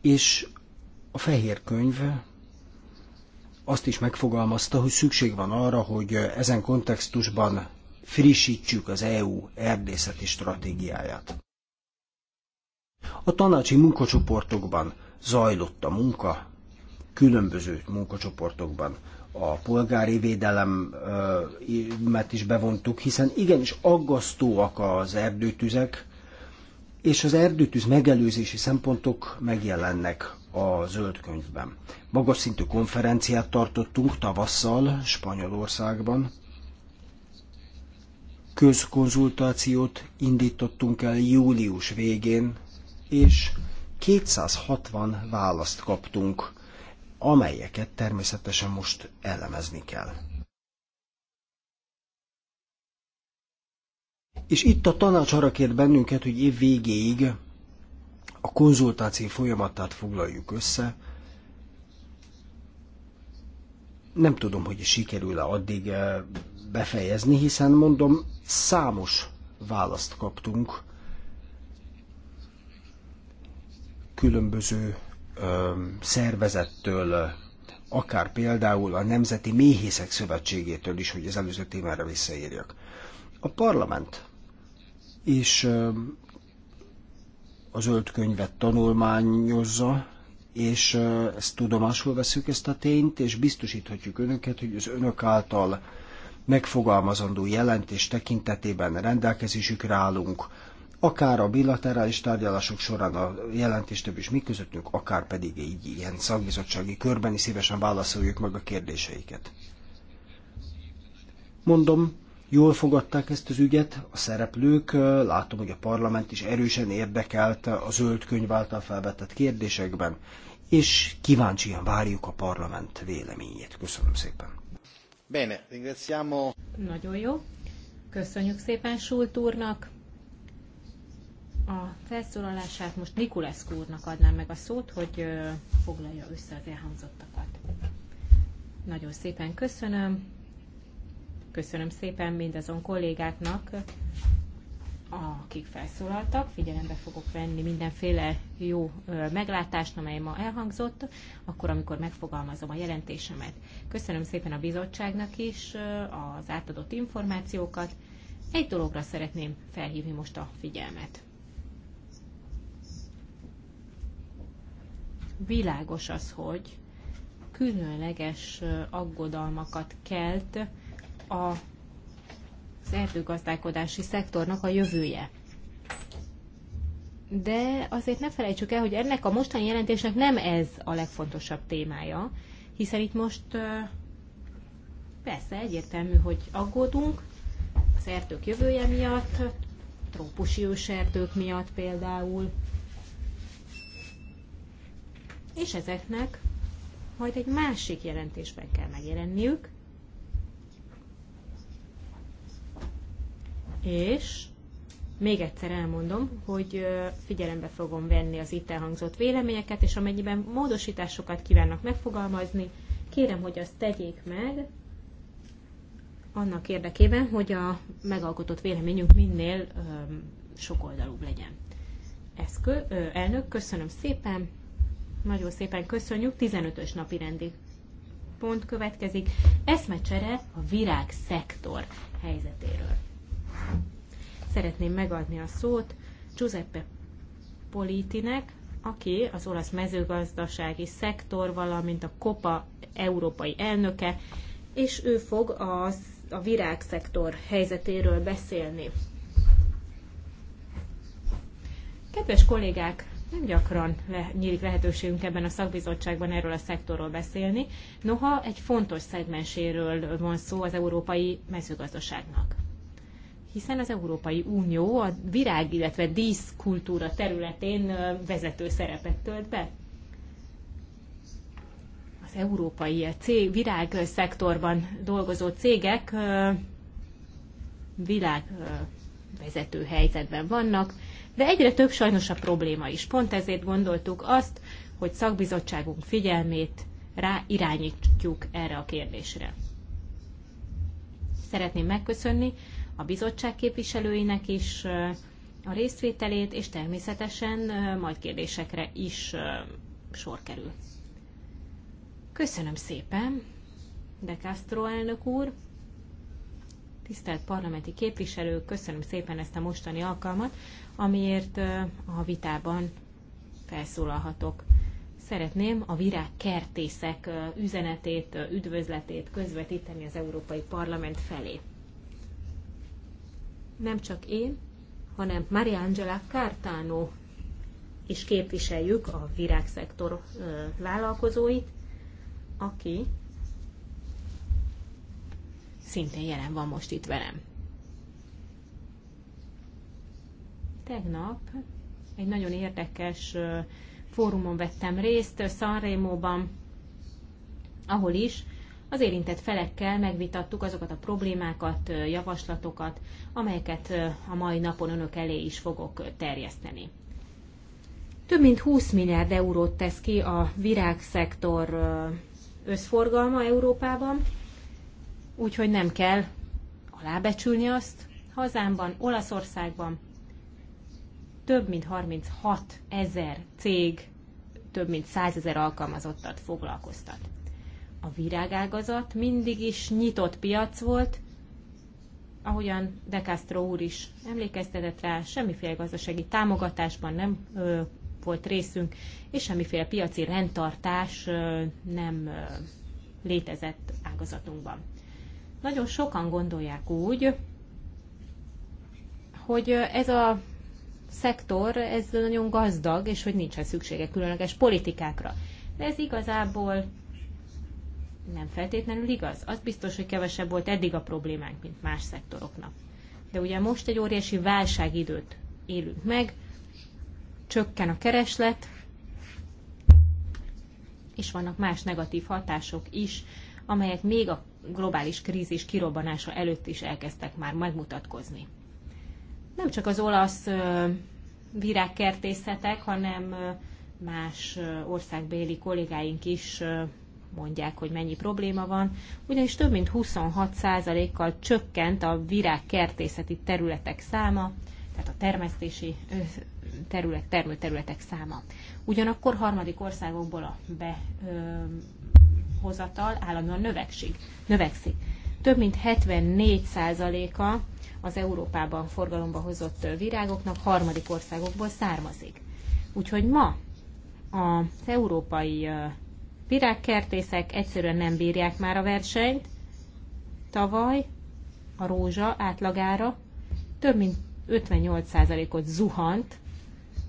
És a fehér könyv azt is megfogalmazta, hogy szükség van arra, hogy ezen kontextusban frissítsük az EU erdészeti stratégiáját. A tanácsi munkacsoportokban zajlott a munka, különböző munkacsoportokban a polgári védelemet is bevontuk, hiszen igenis aggasztóak az erdőtüzek, és az erdőtűz megelőzési szempontok megjelennek a zöld könyvben. Magas szintű konferenciát tartottunk tavasszal Spanyolországban. Közkonzultációt indítottunk el július végén, és 260 választ kaptunk, amelyeket természetesen most elemezni kell. És itt a tanács arra kért bennünket, hogy év végéig a konzultáció folyamatát foglaljuk össze. Nem tudom, hogy sikerül-e addig eh, befejezni, hiszen mondom, számos választ kaptunk különböző ö, eh, szervezettől, eh, akár például a Nemzeti Méhészek Szövetségétől is, hogy az előző témára visszaírjak. A parlament és a zöld könyvet tanulmányozza, és ezt tudomásul veszük ezt a tényt, és biztosíthatjuk önöket, hogy az önök által megfogalmazandó jelentés tekintetében rendelkezésükre állunk, akár a bilaterális tárgyalások során a több is mi közöttünk, akár pedig így ilyen szakbizottsági körben is szívesen válaszoljuk meg a kérdéseiket. Mondom, Jól fogadták ezt az ügyet a szereplők, látom, hogy a parlament is erősen érdekelt a zöld könyv által felvetett kérdésekben, és kíváncsian várjuk a parlament véleményét. Köszönöm szépen. Bene, ringraziamo. Nagyon jó. Köszönjük szépen Sult úrnak. A felszólalását most Nikulescu úrnak adnám meg a szót, hogy foglalja össze az elhangzottakat. Nagyon szépen köszönöm. Köszönöm szépen mindazon kollégáknak, akik felszólaltak. Figyelembe fogok venni mindenféle jó meglátást, amely ma elhangzott, akkor, amikor megfogalmazom a jelentésemet. Köszönöm szépen a bizottságnak is az átadott információkat. Egy dologra szeretném felhívni most a figyelmet. Világos az, hogy különleges aggodalmakat kelt, a, az erdőgazdálkodási szektornak a jövője. De azért ne felejtsük el, hogy ennek a mostani jelentésnek nem ez a legfontosabb témája, hiszen itt most persze egyértelmű, hogy aggódunk az erdők jövője miatt, trópusi őserdők miatt például, és ezeknek majd egy másik jelentésben kell megjelenniük, és még egyszer elmondom, hogy figyelembe fogom venni az itt elhangzott véleményeket, és amennyiben módosításokat kívánnak megfogalmazni, kérem, hogy azt tegyék meg annak érdekében, hogy a megalkotott véleményünk minél öm, sokoldalúbb legyen. Ez kö, ö, elnök, köszönöm szépen, nagyon szépen köszönjük, 15-ös napi rendi pont következik, eszmecsere a virág szektor helyzetéről. Szeretném megadni a szót Giuseppe Politinek, aki az olasz mezőgazdasági szektor, valamint a COPA európai elnöke, és ő fog az, a virágszektor helyzetéről beszélni. Kedves kollégák, nem gyakran le, nyílik lehetőségünk ebben a szakbizottságban erről a szektorról beszélni, noha egy fontos szegmenséről van szó az európai mezőgazdaságnak hiszen az Európai Unió a virág, illetve díszkultúra területén vezető szerepet tölt be. Az európai cég, virág szektorban dolgozó cégek világ vezető helyzetben vannak, de egyre több sajnos a probléma is. Pont ezért gondoltuk azt, hogy szakbizottságunk figyelmét rá irányítjuk erre a kérdésre. Szeretném megköszönni a bizottság képviselőinek is a részvételét, és természetesen majd kérdésekre is sor kerül. Köszönöm szépen, De Castro elnök úr! Tisztelt parlamenti képviselők, köszönöm szépen ezt a mostani alkalmat, amiért a vitában felszólalhatok. Szeretném a virágkertészek üzenetét, üdvözletét közvetíteni az Európai Parlament felé nem csak én, hanem Maria Angela Cartano is képviseljük a virágszektor vállalkozóit, aki szintén jelen van most itt velem. Tegnap egy nagyon érdekes fórumon vettem részt, Sanremo-ban, ahol is az érintett felekkel megvitattuk azokat a problémákat, javaslatokat, amelyeket a mai napon önök elé is fogok terjeszteni. Több mint 20 milliárd eurót tesz ki a virágszektor összforgalma Európában, úgyhogy nem kell alábecsülni azt. Hazámban, Olaszországban több mint 36 ezer cég több mint 100 ezer alkalmazottat foglalkoztat a virágágazat mindig is nyitott piac volt, ahogyan De Castro úr is emlékeztetett rá, semmiféle gazdasági támogatásban nem ö, volt részünk, és semmiféle piaci rendtartás ö, nem ö, létezett ágazatunkban. Nagyon sokan gondolják úgy, hogy ez a szektor, ez nagyon gazdag, és hogy nincsen szüksége különleges politikákra. De ez igazából nem feltétlenül igaz. Az biztos, hogy kevesebb volt eddig a problémánk, mint más szektoroknak. De ugye most egy óriási válságidőt élünk meg, csökken a kereslet, és vannak más negatív hatások is, amelyek még a globális krízis kirobbanása előtt is elkezdtek már megmutatkozni. Nem csak az olasz virágkertészetek, hanem más országbéli kollégáink is mondják, hogy mennyi probléma van, ugyanis több mint 26%-kal csökkent a virágkertészeti területek száma, tehát a termesztési terület, termőterületek száma. Ugyanakkor harmadik országokból a behozatal állandóan növekszik. növekszik. Több mint 74%-a az Európában forgalomba hozott virágoknak harmadik országokból származik. Úgyhogy ma az európai virágkertészek egyszerűen nem bírják már a versenyt. Tavaly a rózsa átlagára több mint 58%-ot zuhant,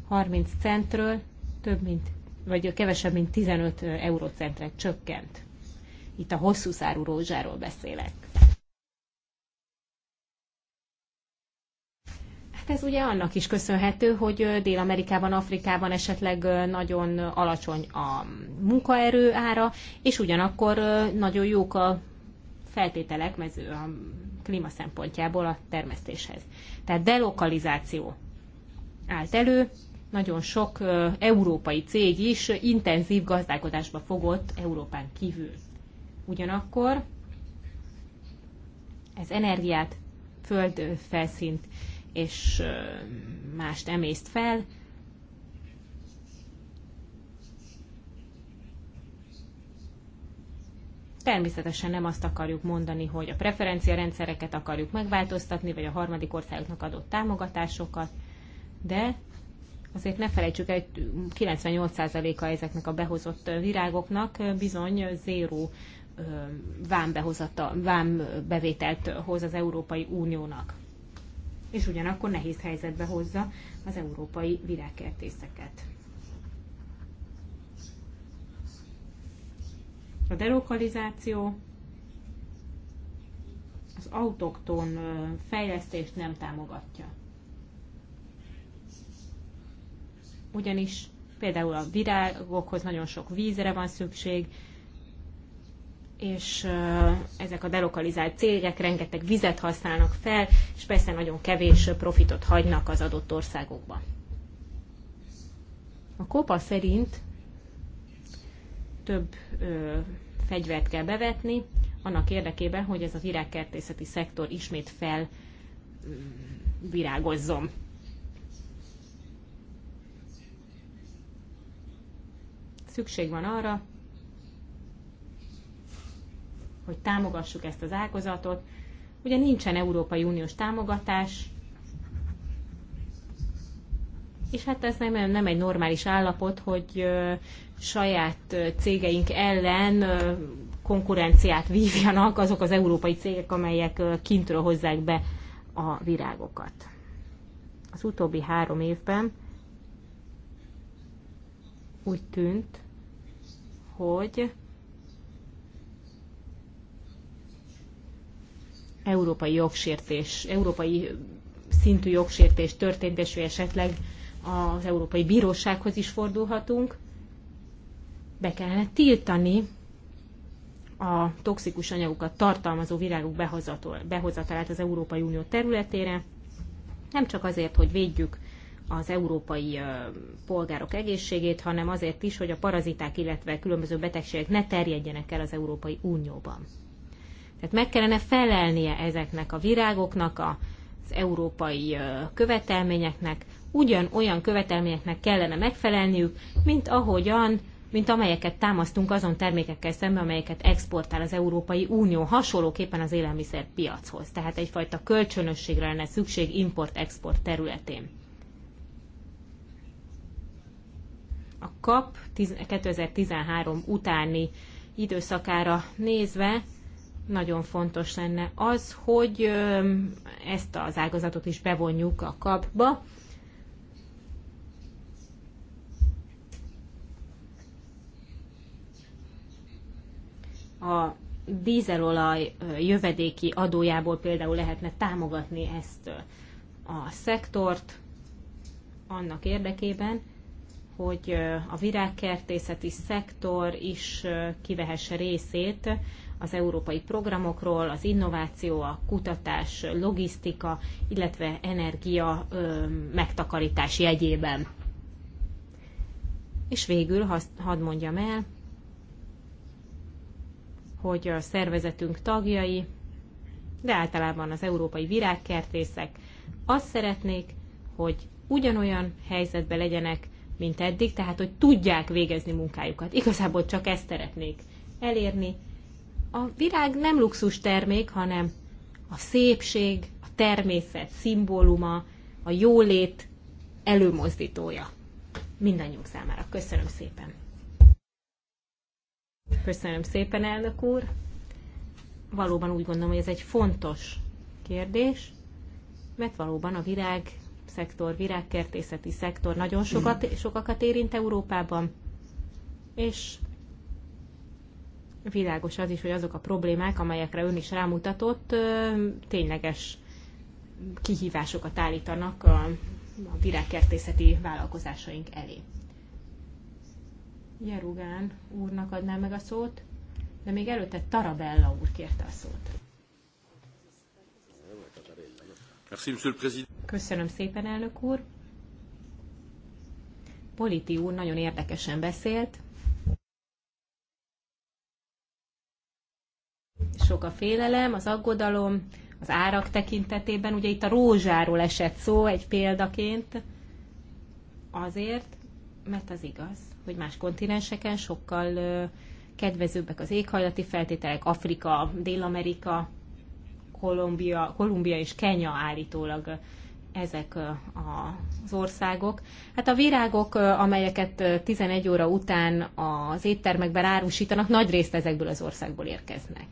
30 centről több mint, vagy kevesebb, mint 15 eurocentre csökkent. Itt a hosszú szárú rózsáról beszélek. Hát ez ugye annak is köszönhető, hogy Dél-Amerikában, Afrikában esetleg nagyon alacsony a munkaerő ára, és ugyanakkor nagyon jók a feltételek mező, a klíma szempontjából a termesztéshez. Tehát delokalizáció állt elő, nagyon sok európai cég is intenzív gazdálkodásba fogott Európán kívül. Ugyanakkor ez energiát, földfelszínt és mást emészt fel. Természetesen nem azt akarjuk mondani, hogy a preferencia rendszereket akarjuk megváltoztatni, vagy a harmadik országoknak adott támogatásokat, de azért ne felejtsük hogy 98%-a ezeknek a behozott virágoknak bizony zéró vámbevételt hoz az Európai Uniónak és ugyanakkor nehéz helyzetbe hozza az európai virágkertészeket. A delokalizáció az autokton fejlesztést nem támogatja. Ugyanis például a virágokhoz nagyon sok vízre van szükség, és ezek a delokalizált cégek rengeteg vizet használnak fel, és persze nagyon kevés profitot hagynak az adott országokban. A kópa szerint több ö, fegyvert kell bevetni, annak érdekében, hogy ez az virágkertészeti szektor ismét fel virágozzon. Szükség van arra, hogy támogassuk ezt az ágazatot. Ugye nincsen Európai Uniós támogatás, és hát ez nem, nem egy normális állapot, hogy saját cégeink ellen konkurenciát vívjanak azok az európai cégek, amelyek kintről hozzák be a virágokat. Az utóbbi három évben úgy tűnt, hogy európai jogsértés, európai szintű jogsértés történt, és esetleg az Európai Bírósághoz is fordulhatunk. Be kellene tiltani a toxikus anyagokat tartalmazó virágok behozatalát az Európai Unió területére, nem csak azért, hogy védjük az európai polgárok egészségét, hanem azért is, hogy a paraziták, illetve különböző betegségek ne terjedjenek el az Európai Unióban. Tehát meg kellene felelnie ezeknek a virágoknak, az európai követelményeknek, ugyanolyan követelményeknek kellene megfelelniük, mint ahogyan, mint amelyeket támasztunk azon termékekkel szemben, amelyeket exportál az Európai Unió, hasonlóképpen az élelmiszerpiachoz. Tehát egyfajta kölcsönösségre lenne szükség import-export területén. A KAP 2013 utáni időszakára nézve nagyon fontos lenne az, hogy ezt az ágazatot is bevonjuk a kapba. A dízelolaj jövedéki adójából például lehetne támogatni ezt a szektort annak érdekében, hogy a virágkertészeti szektor is kivehesse részét az európai programokról, az innováció, a kutatás, logisztika, illetve energia megtakarítás jegyében. És végül hadd mondjam el, hogy a szervezetünk tagjai, de általában az európai virágkertészek azt szeretnék, hogy ugyanolyan helyzetben legyenek, mint eddig, tehát hogy tudják végezni munkájukat. Igazából csak ezt szeretnék elérni, a virág nem luxus termék, hanem a szépség, a természet szimbóluma, a jólét előmozdítója. Mindannyiunk számára. Köszönöm szépen. Köszönöm szépen, elnök úr. Valóban úgy gondolom, hogy ez egy fontos kérdés, mert valóban a virág szektor, virágkertészeti szektor nagyon sokat, sokakat érint Európában, és világos az is, hogy azok a problémák, amelyekre ön is rámutatott, tényleges kihívásokat állítanak a, a virágkertészeti vállalkozásaink elé. Jerugán úrnak adnám meg a szót, de még előtte Tarabella úr kérte a szót. Köszönöm szépen, elnök úr. Politi úr nagyon érdekesen beszélt, sok a félelem, az aggodalom, az árak tekintetében. Ugye itt a rózsáról esett szó egy példaként, azért, mert az igaz, hogy más kontinenseken sokkal kedvezőbbek az éghajlati feltételek, Afrika, Dél-Amerika, Kolumbia, Kolumbia és Kenya állítólag ezek az országok. Hát a virágok, amelyeket 11 óra után az éttermekben árusítanak, nagy részt ezekből az országból érkeznek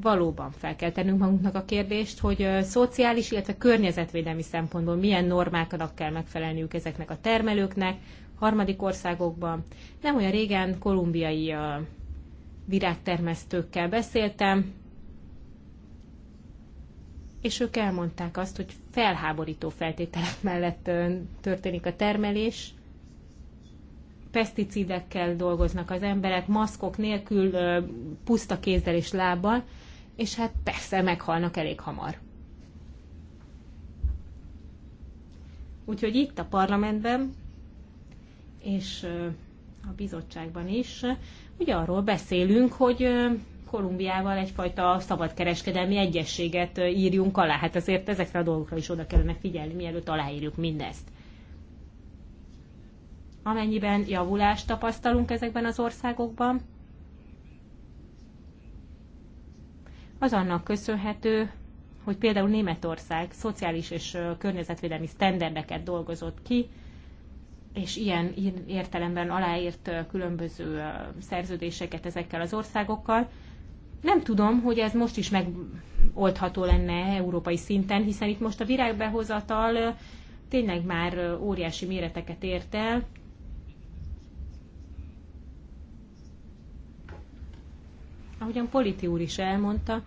valóban fel kell tennünk magunknak a kérdést, hogy szociális, illetve környezetvédelmi szempontból milyen normáknak kell megfelelniük ezeknek a termelőknek, harmadik országokban. Nem olyan régen kolumbiai virágtermesztőkkel beszéltem, és ők elmondták azt, hogy felháborító feltételek mellett történik a termelés, peszticidekkel dolgoznak az emberek, maszkok nélkül, puszta kézzel és lábbal, és hát persze meghalnak elég hamar. Úgyhogy itt a parlamentben és a bizottságban is ugye arról beszélünk, hogy Kolumbiával egyfajta szabadkereskedelmi egyességet írjunk alá. Hát azért ezekre a dolgokra is oda kellene figyelni, mielőtt aláírjuk mindezt amennyiben javulást tapasztalunk ezekben az országokban, az annak köszönhető, hogy például Németország szociális és környezetvédelmi sztenderdeket dolgozott ki, és ilyen értelemben aláírt különböző szerződéseket ezekkel az országokkal. Nem tudom, hogy ez most is megoldható lenne európai szinten, hiszen itt most a virágbehozatal tényleg már óriási méreteket ért el, Ahogyan Politi úr is elmondta,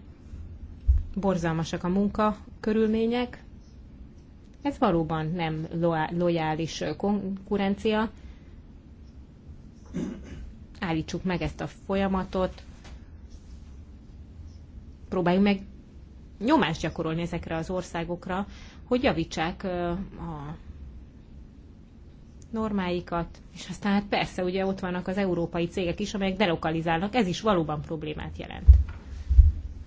borzalmasak a munka körülmények. Ez valóban nem lojális konkurencia. Állítsuk meg ezt a folyamatot. Próbáljuk meg nyomást gyakorolni ezekre az országokra, hogy javítsák a normáikat, és aztán hát persze ugye ott vannak az európai cégek is, amelyek delokalizálnak, ez is valóban problémát jelent.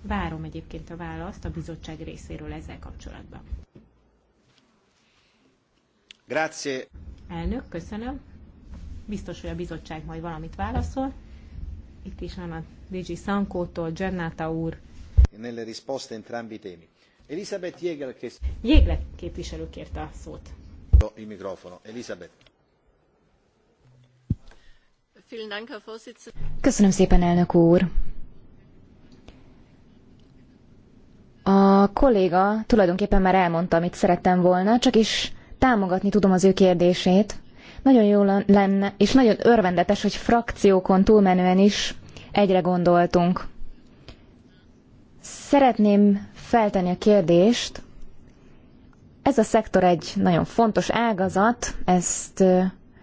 Várom egyébként a választ a bizottság részéről ezzel kapcsolatban. Grazie. Elnök, köszönöm. Biztos, hogy a bizottság majd valamit válaszol. Itt is van a DG Sankótól, Gennata úr. Nelle risposte entrambi temi. Elisabeth Jégle képviselő kérte a szót. Il microfono. Elisabeth. Köszönöm szépen, elnök úr. A kolléga tulajdonképpen már elmondta, amit szerettem volna, csak is támogatni tudom az ő kérdését. Nagyon jó lenne, és nagyon örvendetes, hogy frakciókon túlmenően is egyre gondoltunk. Szeretném feltenni a kérdést. Ez a szektor egy nagyon fontos ágazat, ezt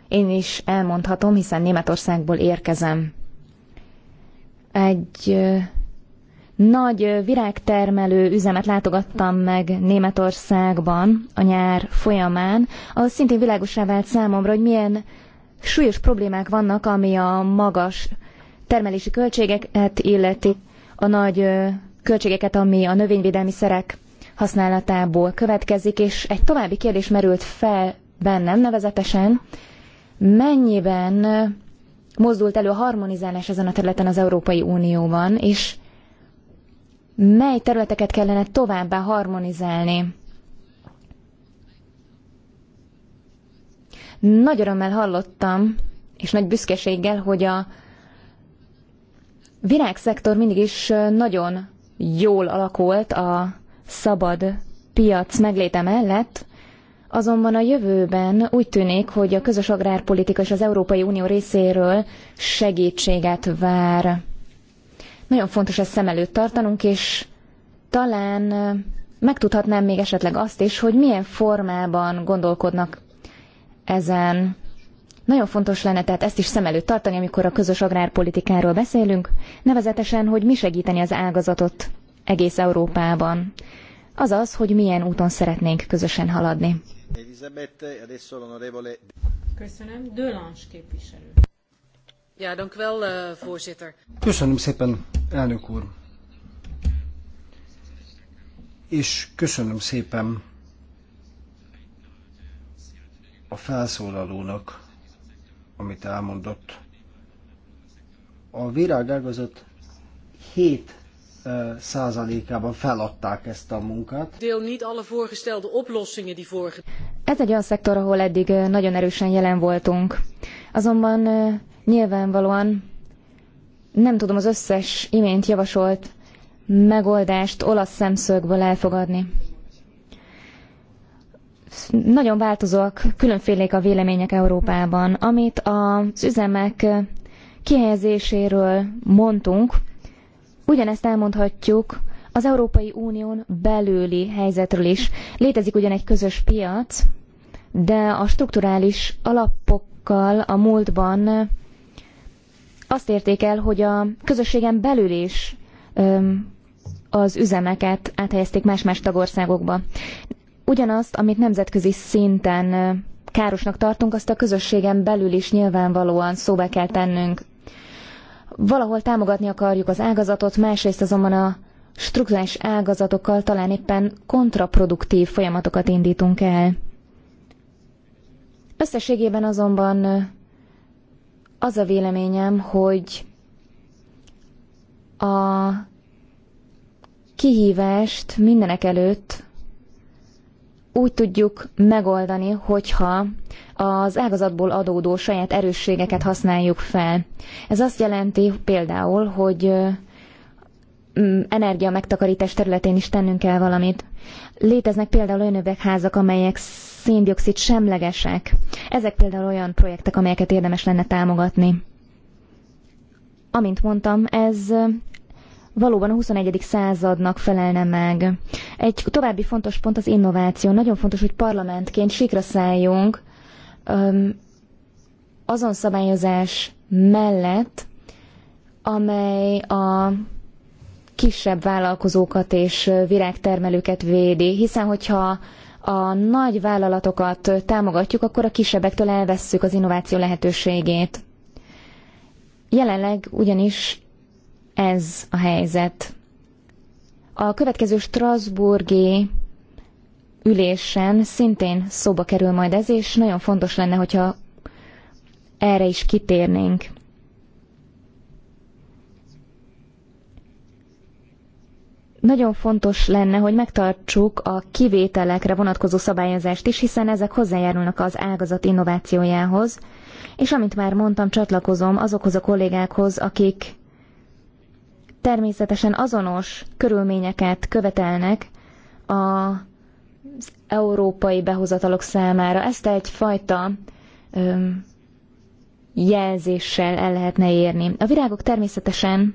én is elmondhatom, hiszen Németországból érkezem. Egy nagy virágtermelő üzemet látogattam meg Németországban a nyár folyamán, ahol szintén világosá vált számomra, hogy milyen súlyos problémák vannak, ami a magas termelési költségeket illeti, a nagy költségeket, ami a növényvédelmi szerek használatából következik, és egy további kérdés merült fel bennem nevezetesen, mennyiben mozdult elő a harmonizálás ezen a területen az Európai Unióban, és mely területeket kellene továbbá harmonizálni. Nagy örömmel hallottam, és nagy büszkeséggel, hogy a virágszektor mindig is nagyon jól alakult a szabad piac megléte mellett, Azonban a jövőben úgy tűnik, hogy a közös agrárpolitika és az Európai Unió részéről segítséget vár. Nagyon fontos ezt szem előtt tartanunk, és talán megtudhatnám még esetleg azt is, hogy milyen formában gondolkodnak ezen. Nagyon fontos lenne tehát ezt is szem előtt tartani, amikor a közös agrárpolitikáról beszélünk, nevezetesen, hogy mi segíteni az ágazatot egész Európában azaz, hogy milyen úton szeretnénk közösen haladni. E köszönöm. Dölans képviselő. Ja, dank wel, eh, voorzitter. Köszönöm szépen, elnök úr. És köszönöm szépen a felszólalónak, amit elmondott. A virágágazat hét százalékában feladták ezt a munkát. Ez egy olyan szektor, ahol eddig nagyon erősen jelen voltunk. Azonban nyilvánvalóan nem tudom az összes imént javasolt megoldást olasz szemszögből elfogadni. Nagyon változóak, különfélék a vélemények Európában. Amit az üzemek kihelyezéséről mondtunk, Ugyanezt elmondhatjuk az Európai Unión belüli helyzetről is. Létezik ugyan egy közös piac, de a strukturális alapokkal a múltban azt érték el, hogy a közösségen belül is az üzemeket áthelyezték más-más tagországokba. Ugyanazt, amit nemzetközi szinten károsnak tartunk, azt a közösségen belül is nyilvánvalóan szóba kell tennünk. Valahol támogatni akarjuk az ágazatot, másrészt azonban a struktúrás ágazatokkal talán éppen kontraproduktív folyamatokat indítunk el. Összességében azonban az a véleményem, hogy a kihívást mindenek előtt úgy tudjuk megoldani, hogyha az ágazatból adódó saját erősségeket használjuk fel. Ez azt jelenti például, hogy energia megtakarítás területén is tennünk kell valamit. Léteznek például olyan üvegházak, amelyek széndiokszid semlegesek. Ezek például olyan projektek, amelyeket érdemes lenne támogatni. Amint mondtam, ez valóban a 21. századnak felelne meg. Egy további fontos pont az innováció. Nagyon fontos, hogy parlamentként sikra szálljunk azon szabályozás mellett, amely a kisebb vállalkozókat és virágtermelőket védi, hiszen hogyha a nagy vállalatokat támogatjuk, akkor a kisebbektől elvesszük az innováció lehetőségét. Jelenleg ugyanis ez a helyzet. A következő Strasburgi ülésen szintén szóba kerül majd ez, és nagyon fontos lenne, hogyha erre is kitérnénk. Nagyon fontos lenne, hogy megtartsuk a kivételekre vonatkozó szabályozást is, hiszen ezek hozzájárulnak az ágazat innovációjához, és amint már mondtam, csatlakozom azokhoz a kollégákhoz, akik természetesen azonos körülményeket követelnek az európai behozatalok számára. Ezt egyfajta öm, jelzéssel el lehetne érni. A virágok természetesen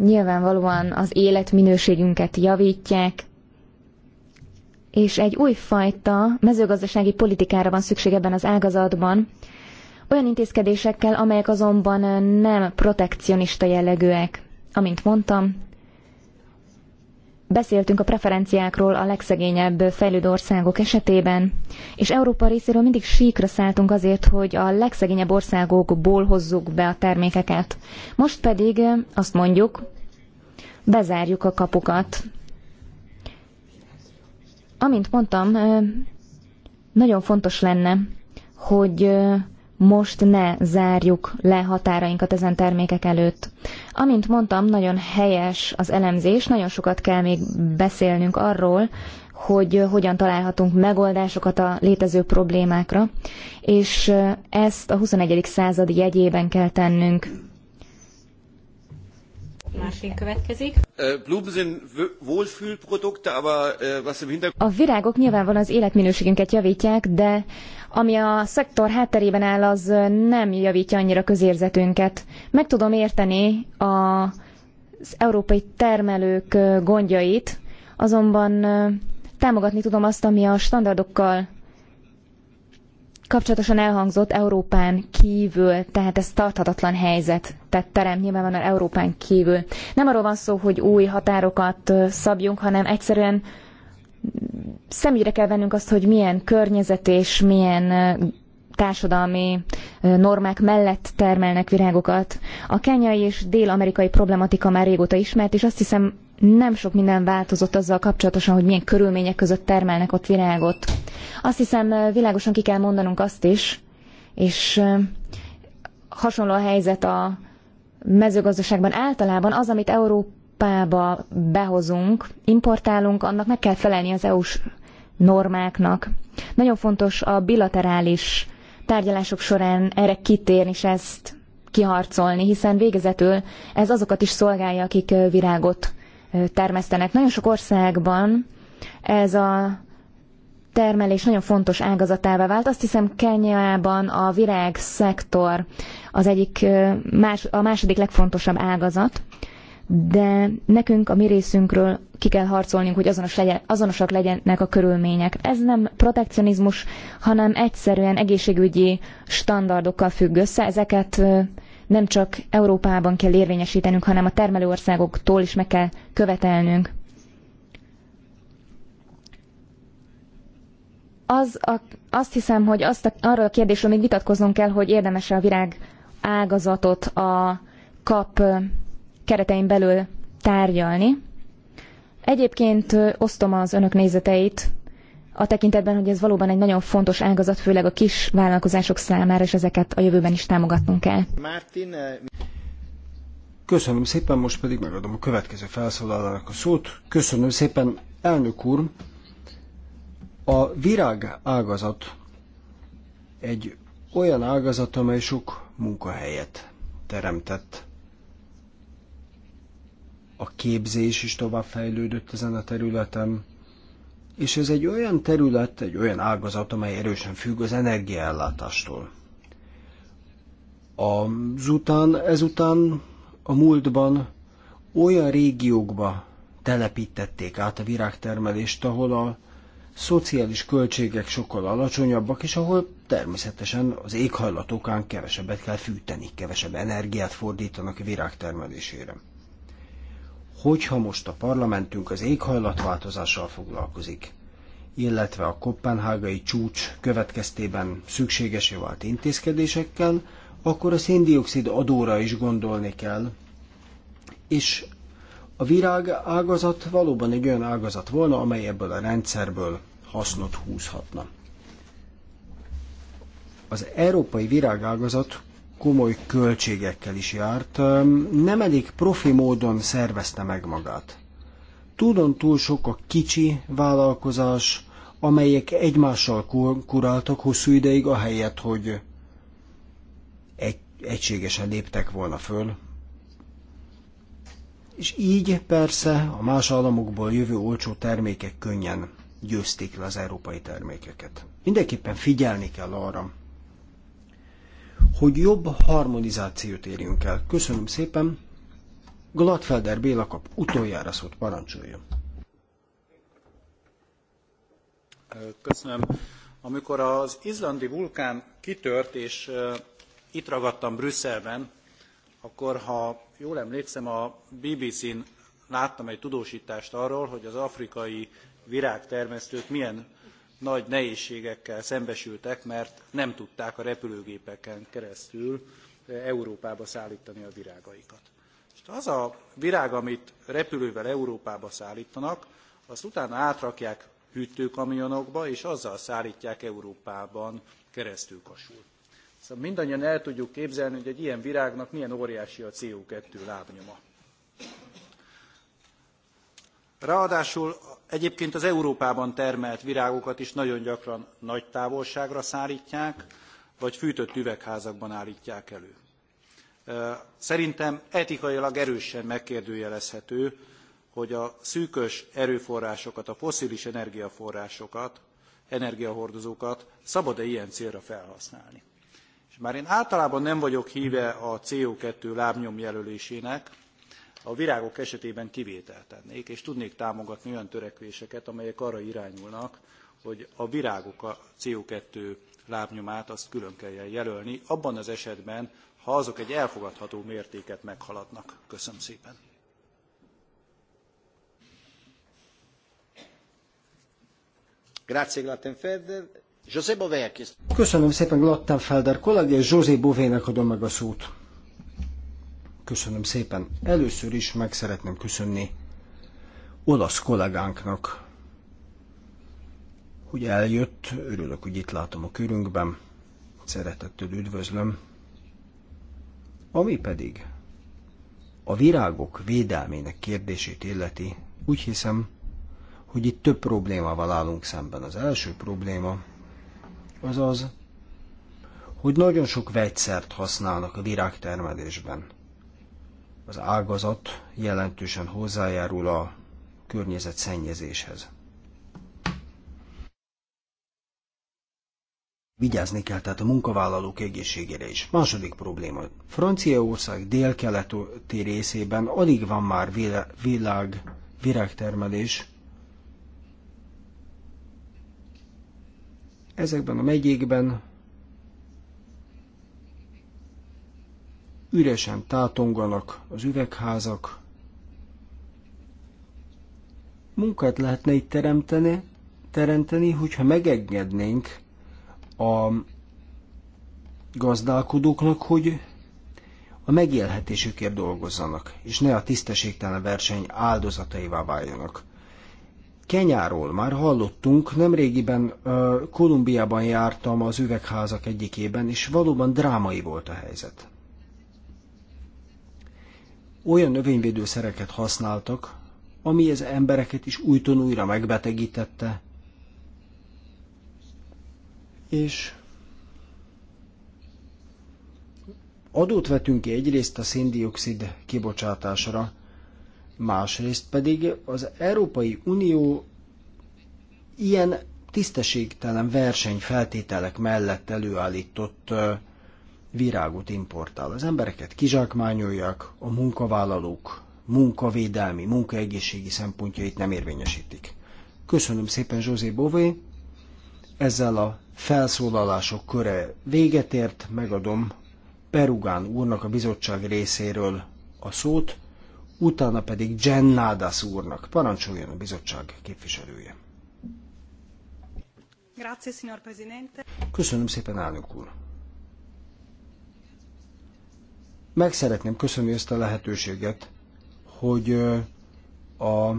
nyilvánvalóan az életminőségünket javítják, és egy újfajta mezőgazdasági politikára van szükség ebben az ágazatban, olyan intézkedésekkel, amelyek azonban nem protekcionista jellegűek. Amint mondtam, beszéltünk a preferenciákról a legszegényebb fejlődő országok esetében, és Európa részéről mindig síkra szálltunk azért, hogy a legszegényebb országokból hozzuk be a termékeket. Most pedig azt mondjuk, bezárjuk a kapukat. Amint mondtam, nagyon fontos lenne, hogy most ne zárjuk le határainkat ezen termékek előtt. Amint mondtam, nagyon helyes az elemzés, nagyon sokat kell még beszélnünk arról, hogy hogyan találhatunk megoldásokat a létező problémákra, és ezt a 21. század jegyében kell tennünk. Äh, a virágok nyilvánvalóan az életminőségünket javítják, de ami a szektor hátterében áll, az nem javítja annyira közérzetünket. Meg tudom érteni az európai termelők gondjait, azonban támogatni tudom azt, ami a standardokkal kapcsolatosan elhangzott Európán kívül, tehát ez tarthatatlan helyzetet terem nyilvánvalóan Európán kívül. Nem arról van szó, hogy új határokat szabjunk, hanem egyszerűen szemügyre kell vennünk azt, hogy milyen környezet és milyen társadalmi normák mellett termelnek virágokat. A kenyai és dél-amerikai problematika már régóta ismert, és azt hiszem nem sok minden változott azzal kapcsolatosan, hogy milyen körülmények között termelnek ott virágot. Azt hiszem, világosan ki kell mondanunk azt is, és hasonló a helyzet a mezőgazdaságban általában az, amit Európába behozunk, importálunk, annak meg kell felelni az EU-s normáknak. Nagyon fontos a bilaterális tárgyalások során erre kitérni, és ezt kiharcolni, hiszen végezetül ez azokat is szolgálja, akik virágot termesztenek. Nagyon sok országban ez a termelés nagyon fontos ágazatává vált. Azt hiszem Kenyában a virág szektor az egyik más, a második legfontosabb ágazat, de nekünk a mi részünkről ki kell harcolnunk, hogy azonos legyen, azonosak legyenek a körülmények. Ez nem protekcionizmus, hanem egyszerűen egészségügyi standardokkal függ össze. Ezeket nem csak Európában kell érvényesítenünk, hanem a termelő országoktól is meg kell követelnünk. Az a, azt hiszem, hogy azt a, arról a kérdésről még vitatkoznunk kell, hogy érdemes-e a virág ágazatot a kap keretein belül tárgyalni. Egyébként osztom az önök nézeteit a tekintetben, hogy ez valóban egy nagyon fontos ágazat, főleg a kis vállalkozások számára, és ezeket a jövőben is támogatnunk kell. Martin, eh, Köszönöm szépen, most pedig megadom a következő felszólalának a szót. Köszönöm szépen, elnök úr! A virág ágazat egy olyan ágazat, amely sok munkahelyet teremtett. A képzés is továbbfejlődött ezen a területen, és ez egy olyan terület, egy olyan ágazat, amely erősen függ az energiaellátástól. Azután, ezután a múltban olyan régiókba telepítették át a virágtermelést, ahol a szociális költségek sokkal alacsonyabbak, és ahol természetesen az éghajlatokán kevesebbet kell fűteni, kevesebb energiát fordítanak a virágtermelésére hogyha most a parlamentünk az éghajlatváltozással foglalkozik, illetve a kopenhágai csúcs következtében szükségesé vált intézkedésekkel, akkor a széndiokszid adóra is gondolni kell. És a virág ágazat valóban egy olyan ágazat volna, amely ebből a rendszerből hasznot húzhatna. Az európai virágágazat komoly költségekkel is járt. Nem elég profi módon szervezte meg magát. Tudon túl sok a kicsi vállalkozás, amelyek egymással kuráltak hosszú ideig, ahelyett, hogy egy, egységesen léptek volna föl. És így persze a más államokból jövő olcsó termékek könnyen győzték le az európai termékeket. Mindenképpen figyelni kell arra, hogy jobb harmonizációt érjünk el. Köszönöm szépen. Gladfelder Béla kap utoljára szót parancsoljon. Köszönöm. Amikor az izlandi vulkán kitört, és itt ragadtam Brüsszelben, akkor ha jól emlékszem, a BBC-n láttam egy tudósítást arról, hogy az afrikai virágtermesztők milyen nagy nehézségekkel szembesültek, mert nem tudták a repülőgépeken keresztül eh, Európába szállítani a virágaikat. az a virág, amit repülővel Európába szállítanak, azt utána átrakják hűtőkamionokba, és azzal szállítják Európában keresztül kasul. Szóval mindannyian el tudjuk képzelni, hogy egy ilyen virágnak milyen óriási a CO2 lábnyoma. Ráadásul egyébként az Európában termelt virágokat is nagyon gyakran nagy távolságra szállítják, vagy fűtött üvegházakban állítják elő. Szerintem etikailag erősen megkérdőjelezhető, hogy a szűkös erőforrásokat, a fosszilis energiaforrásokat, energiahordozókat szabad-e ilyen célra felhasználni. És már én általában nem vagyok híve a CO2 lábnyomjelölésének, a virágok esetében kivételt tennék, és tudnék támogatni olyan törekvéseket, amelyek arra irányulnak, hogy a virágok a CO2 lábnyomát azt külön kelljen jelölni, abban az esetben, ha azok egy elfogadható mértéket meghaladnak. Köszönöm szépen. Köszönöm szépen Glattenfelder José Bovének adom meg a szót. Köszönöm szépen. Először is meg szeretném köszönni olasz kollégánknak, hogy eljött. Örülök, hogy itt látom a körünkben. Szeretettel üdvözlöm. Ami pedig a virágok védelmének kérdését illeti, úgy hiszem, hogy itt több problémával állunk szemben. Az első probléma az az, hogy nagyon sok vegyszert használnak a virágtermelésben az ágazat jelentősen hozzájárul a környezet szennyezéshez. Vigyázni kell tehát a munkavállalók egészségére is. Második probléma. Franciaország délkeleti részében alig van már világ virágtermelés. Ezekben a megyékben üresen tátonganak az üvegházak. Munkát lehetne itt teremteni, teremteni, hogyha megengednénk a gazdálkodóknak, hogy a megélhetésükért dolgozzanak, és ne a tisztességtelen verseny áldozataivá váljanak. Kenyáról már hallottunk, nemrégiben uh, Kolumbiában jártam az üvegházak egyikében, és valóban drámai volt a helyzet olyan növényvédőszereket használtak, ami az embereket is újton újra megbetegítette. És adót vetünk ki egyrészt a széndiokszid kibocsátásra, másrészt pedig az Európai Unió ilyen tisztességtelen versenyfeltételek mellett előállított virágot importál. Az embereket kizsákmányolják, a munkavállalók munkavédelmi, munkaegészségi szempontjait nem érvényesítik. Köszönöm szépen José Bové, ezzel a felszólalások köre véget ért, megadom Perugán úrnak a bizottság részéről a szót, utána pedig Gennádas úrnak parancsoljon a bizottság képviselője. Köszönöm szépen, elnök úr. Meg szeretném köszönni ezt a lehetőséget, hogy a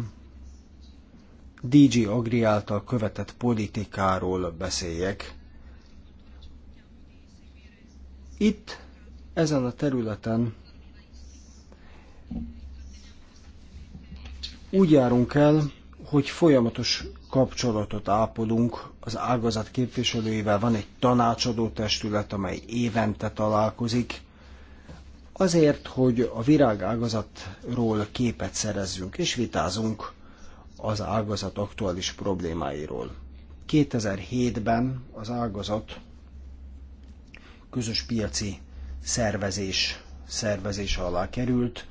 DJ Agri által követett politikáról beszéljek. Itt, ezen a területen úgy járunk el, hogy folyamatos kapcsolatot ápolunk az ágazat képviselőivel. Van egy tanácsadó testület, amely évente találkozik, azért, hogy a virágágazatról képet szerezzünk és vitázunk az ágazat aktuális problémáiról. 2007-ben az ágazat közös piaci szervezés, szervezése alá került,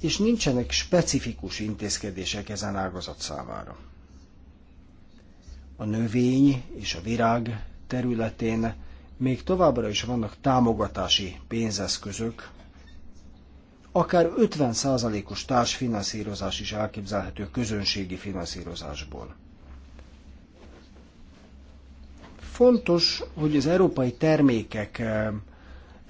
és nincsenek specifikus intézkedések ezen ágazat számára. A növény és a virág területén még továbbra is vannak támogatási pénzeszközök, akár 50%-os társfinanszírozás is elképzelhető közönségi finanszírozásból. Fontos, hogy az európai termékek eh,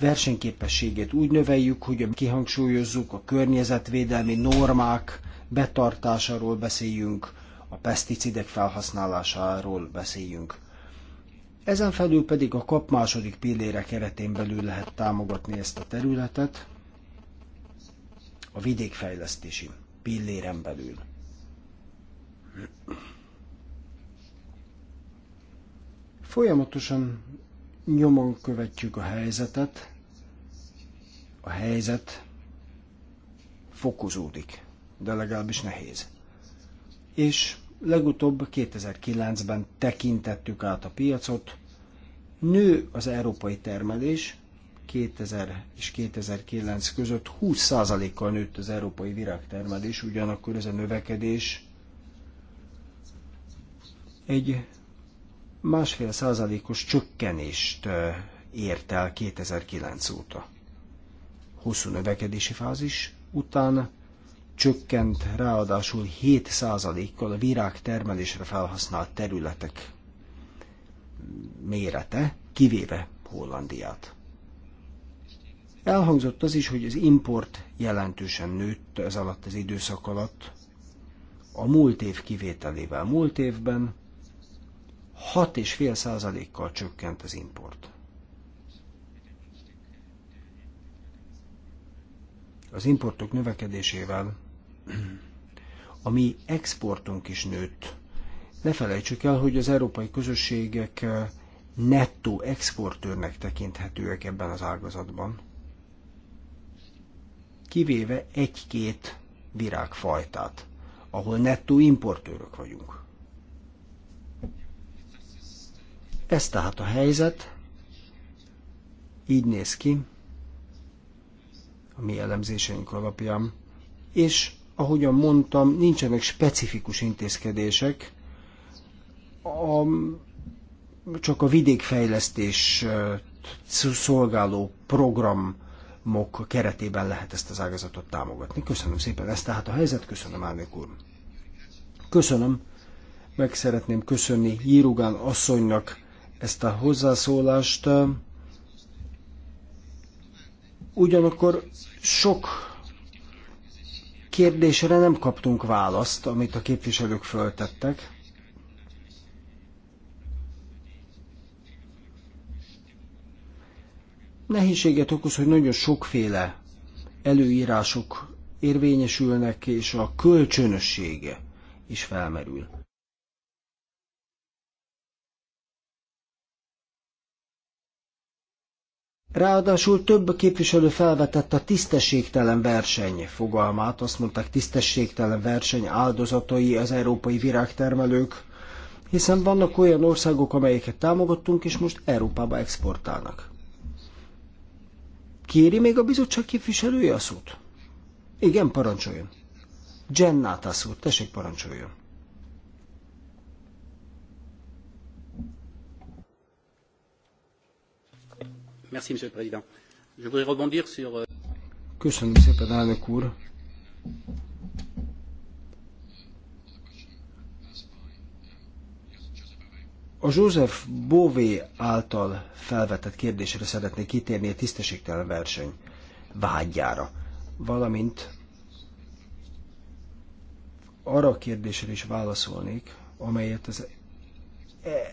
versenyképességét úgy növeljük, hogy kihangsúlyozzuk a környezetvédelmi normák betartásáról beszéljünk, a peszticidek felhasználásáról beszéljünk. Ezen felül pedig a kap második pillére keretén belül lehet támogatni ezt a területet, a vidékfejlesztési pilléren belül. Folyamatosan nyomon követjük a helyzetet, a helyzet fokozódik, de legalábbis nehéz. És legutóbb 2009-ben tekintettük át a piacot, nő az európai termelés, 2000 és 2009 között 20%-kal nőtt az európai virágtermelés, ugyanakkor ez a növekedés egy másfél százalékos csökkenést ért el 2009 óta. Hosszú növekedési fázis után csökkent ráadásul 7%-kal a virágtermelésre felhasznált területek mérete, kivéve Hollandiát. Elhangzott az is, hogy az import jelentősen nőtt ez alatt az időszak alatt, a múlt év kivételével. Múlt évben 6,5%-kal csökkent az import. Az importok növekedésével a mi exportunk is nőtt. Ne felejtsük el, hogy az európai közösségek eh, nettó exportőrnek tekinthetőek ebben az ágazatban kivéve egy-két virágfajtát, ahol nettó importőrök vagyunk. Ez tehát a helyzet, így néz ki a mi elemzéseink alapján, és ahogyan mondtam, nincsenek specifikus intézkedések, a, csak a vidékfejlesztés szolgáló program programok keretében lehet ezt az ágazatot támogatni. Köszönöm szépen ezt tehát a helyzet, köszönöm Árnék úr. Köszönöm, meg szeretném köszönni Jirugán asszonynak ezt a hozzászólást. Ugyanakkor sok kérdésre nem kaptunk választ, amit a képviselők föltettek. Nehézséget okoz, hogy nagyon sokféle előírások érvényesülnek, és a kölcsönössége is felmerül. Ráadásul több képviselő felvetette a tisztességtelen verseny fogalmát, azt mondták tisztességtelen verseny áldozatai az európai virágtermelők, hiszen vannak olyan országok, amelyeket támogattunk, és most Európába exportálnak. Kéri még a bizottság képviselője a szót? Igen, parancsoljon. Jen a úr, tessék parancsoljon. Merci, Monsieur le Président. Je voudrais rebondir sur... Euh, Köszönöm szépen, elnök úr. A József Bové által felvetett kérdésre szeretnék kitérni a tisztességtelen verseny vágyára, valamint arra a kérdésre is válaszolnék, amelyet az, e,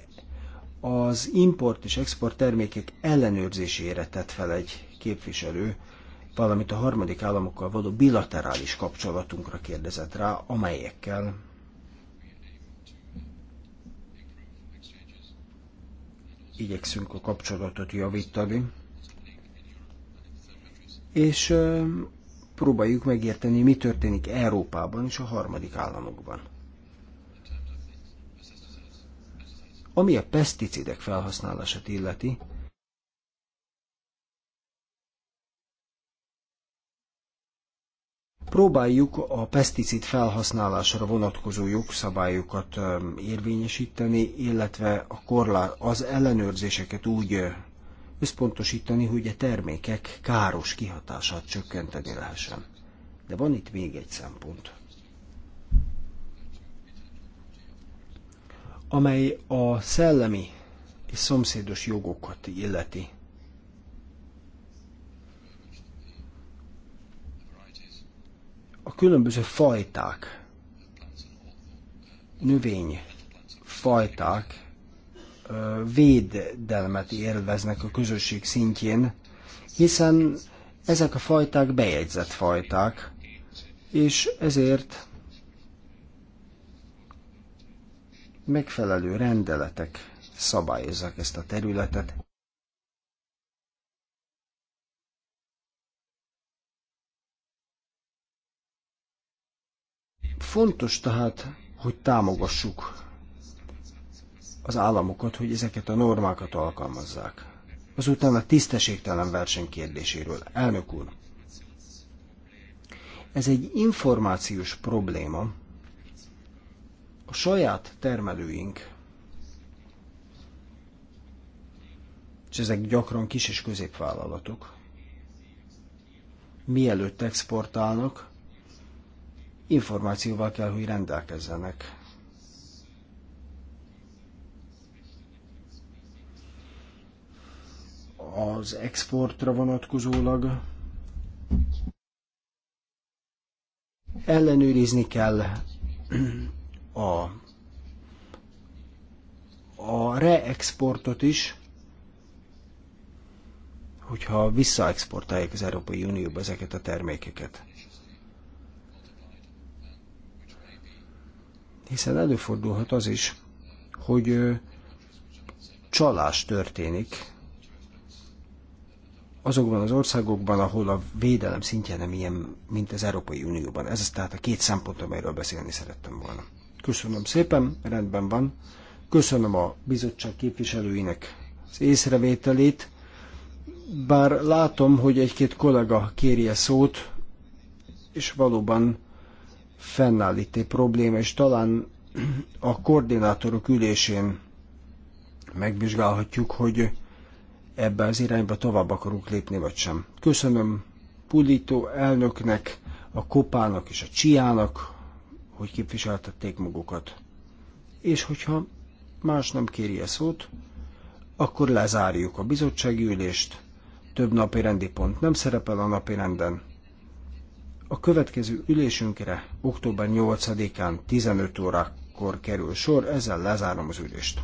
az import és export termékek ellenőrzésére tett fel egy képviselő, valamint a harmadik államokkal való bilaterális kapcsolatunkra kérdezett rá, amelyekkel igyekszünk a kapcsolatot javítani, és próbáljuk megérteni, mi történik Európában és a harmadik államokban. Ami a peszticidek felhasználását illeti, Próbáljuk a peszticid felhasználásra vonatkozó jogszabályokat um, érvényesíteni, illetve a korlá, az ellenőrzéseket úgy uh, összpontosítani, hogy a termékek káros kihatását csökkenteni lehessen. De van itt még egy szempont. amely a szellemi és szomszédos jogokat illeti. a különböző fajták, növény fajták védelmet élveznek a közösség szintjén, hiszen ezek a fajták bejegyzett fajták, és ezért megfelelő rendeletek szabályozzák ezt a területet. Fontos tehát, hogy támogassuk az államokat, hogy ezeket a normákat alkalmazzák. Azután a tisztességtelen verseny kérdéséről. Elnök úr, ez egy információs probléma. A saját termelőink, és ezek gyakran kis és középvállalatok, mielőtt exportálnak, információval kell, hogy rendelkezzenek. Az exportra vonatkozólag ellenőrizni kell a, a reexportot is, hogyha visszaexportálják az Európai Unióba ezeket a termékeket. hiszen előfordulhat az is, hogy csalás történik azokban az országokban, ahol a védelem szintje nem ilyen, mint az Európai Unióban. Ez az tehát a két szempont, amelyről beszélni szerettem volna. Köszönöm szépen, rendben van. Köszönöm a bizottság képviselőinek az észrevételét. Bár látom, hogy egy-két kollega kéri a szót, és valóban fennáll itt egy probléma, és talán a koordinátorok ülésén megvizsgálhatjuk, hogy ebbe az irányba tovább akarunk lépni, vagy sem. Köszönöm Pulító elnöknek, a Kopának és a Csiának, hogy képviseltették magukat. És hogyha más nem kéri a szót, akkor lezárjuk a bizottsági ülést. Több napi rendi pont nem szerepel a napi renden. A következő ülésünkre október 8-án 15 órakor kerül sor, ezzel lezárom az ülést.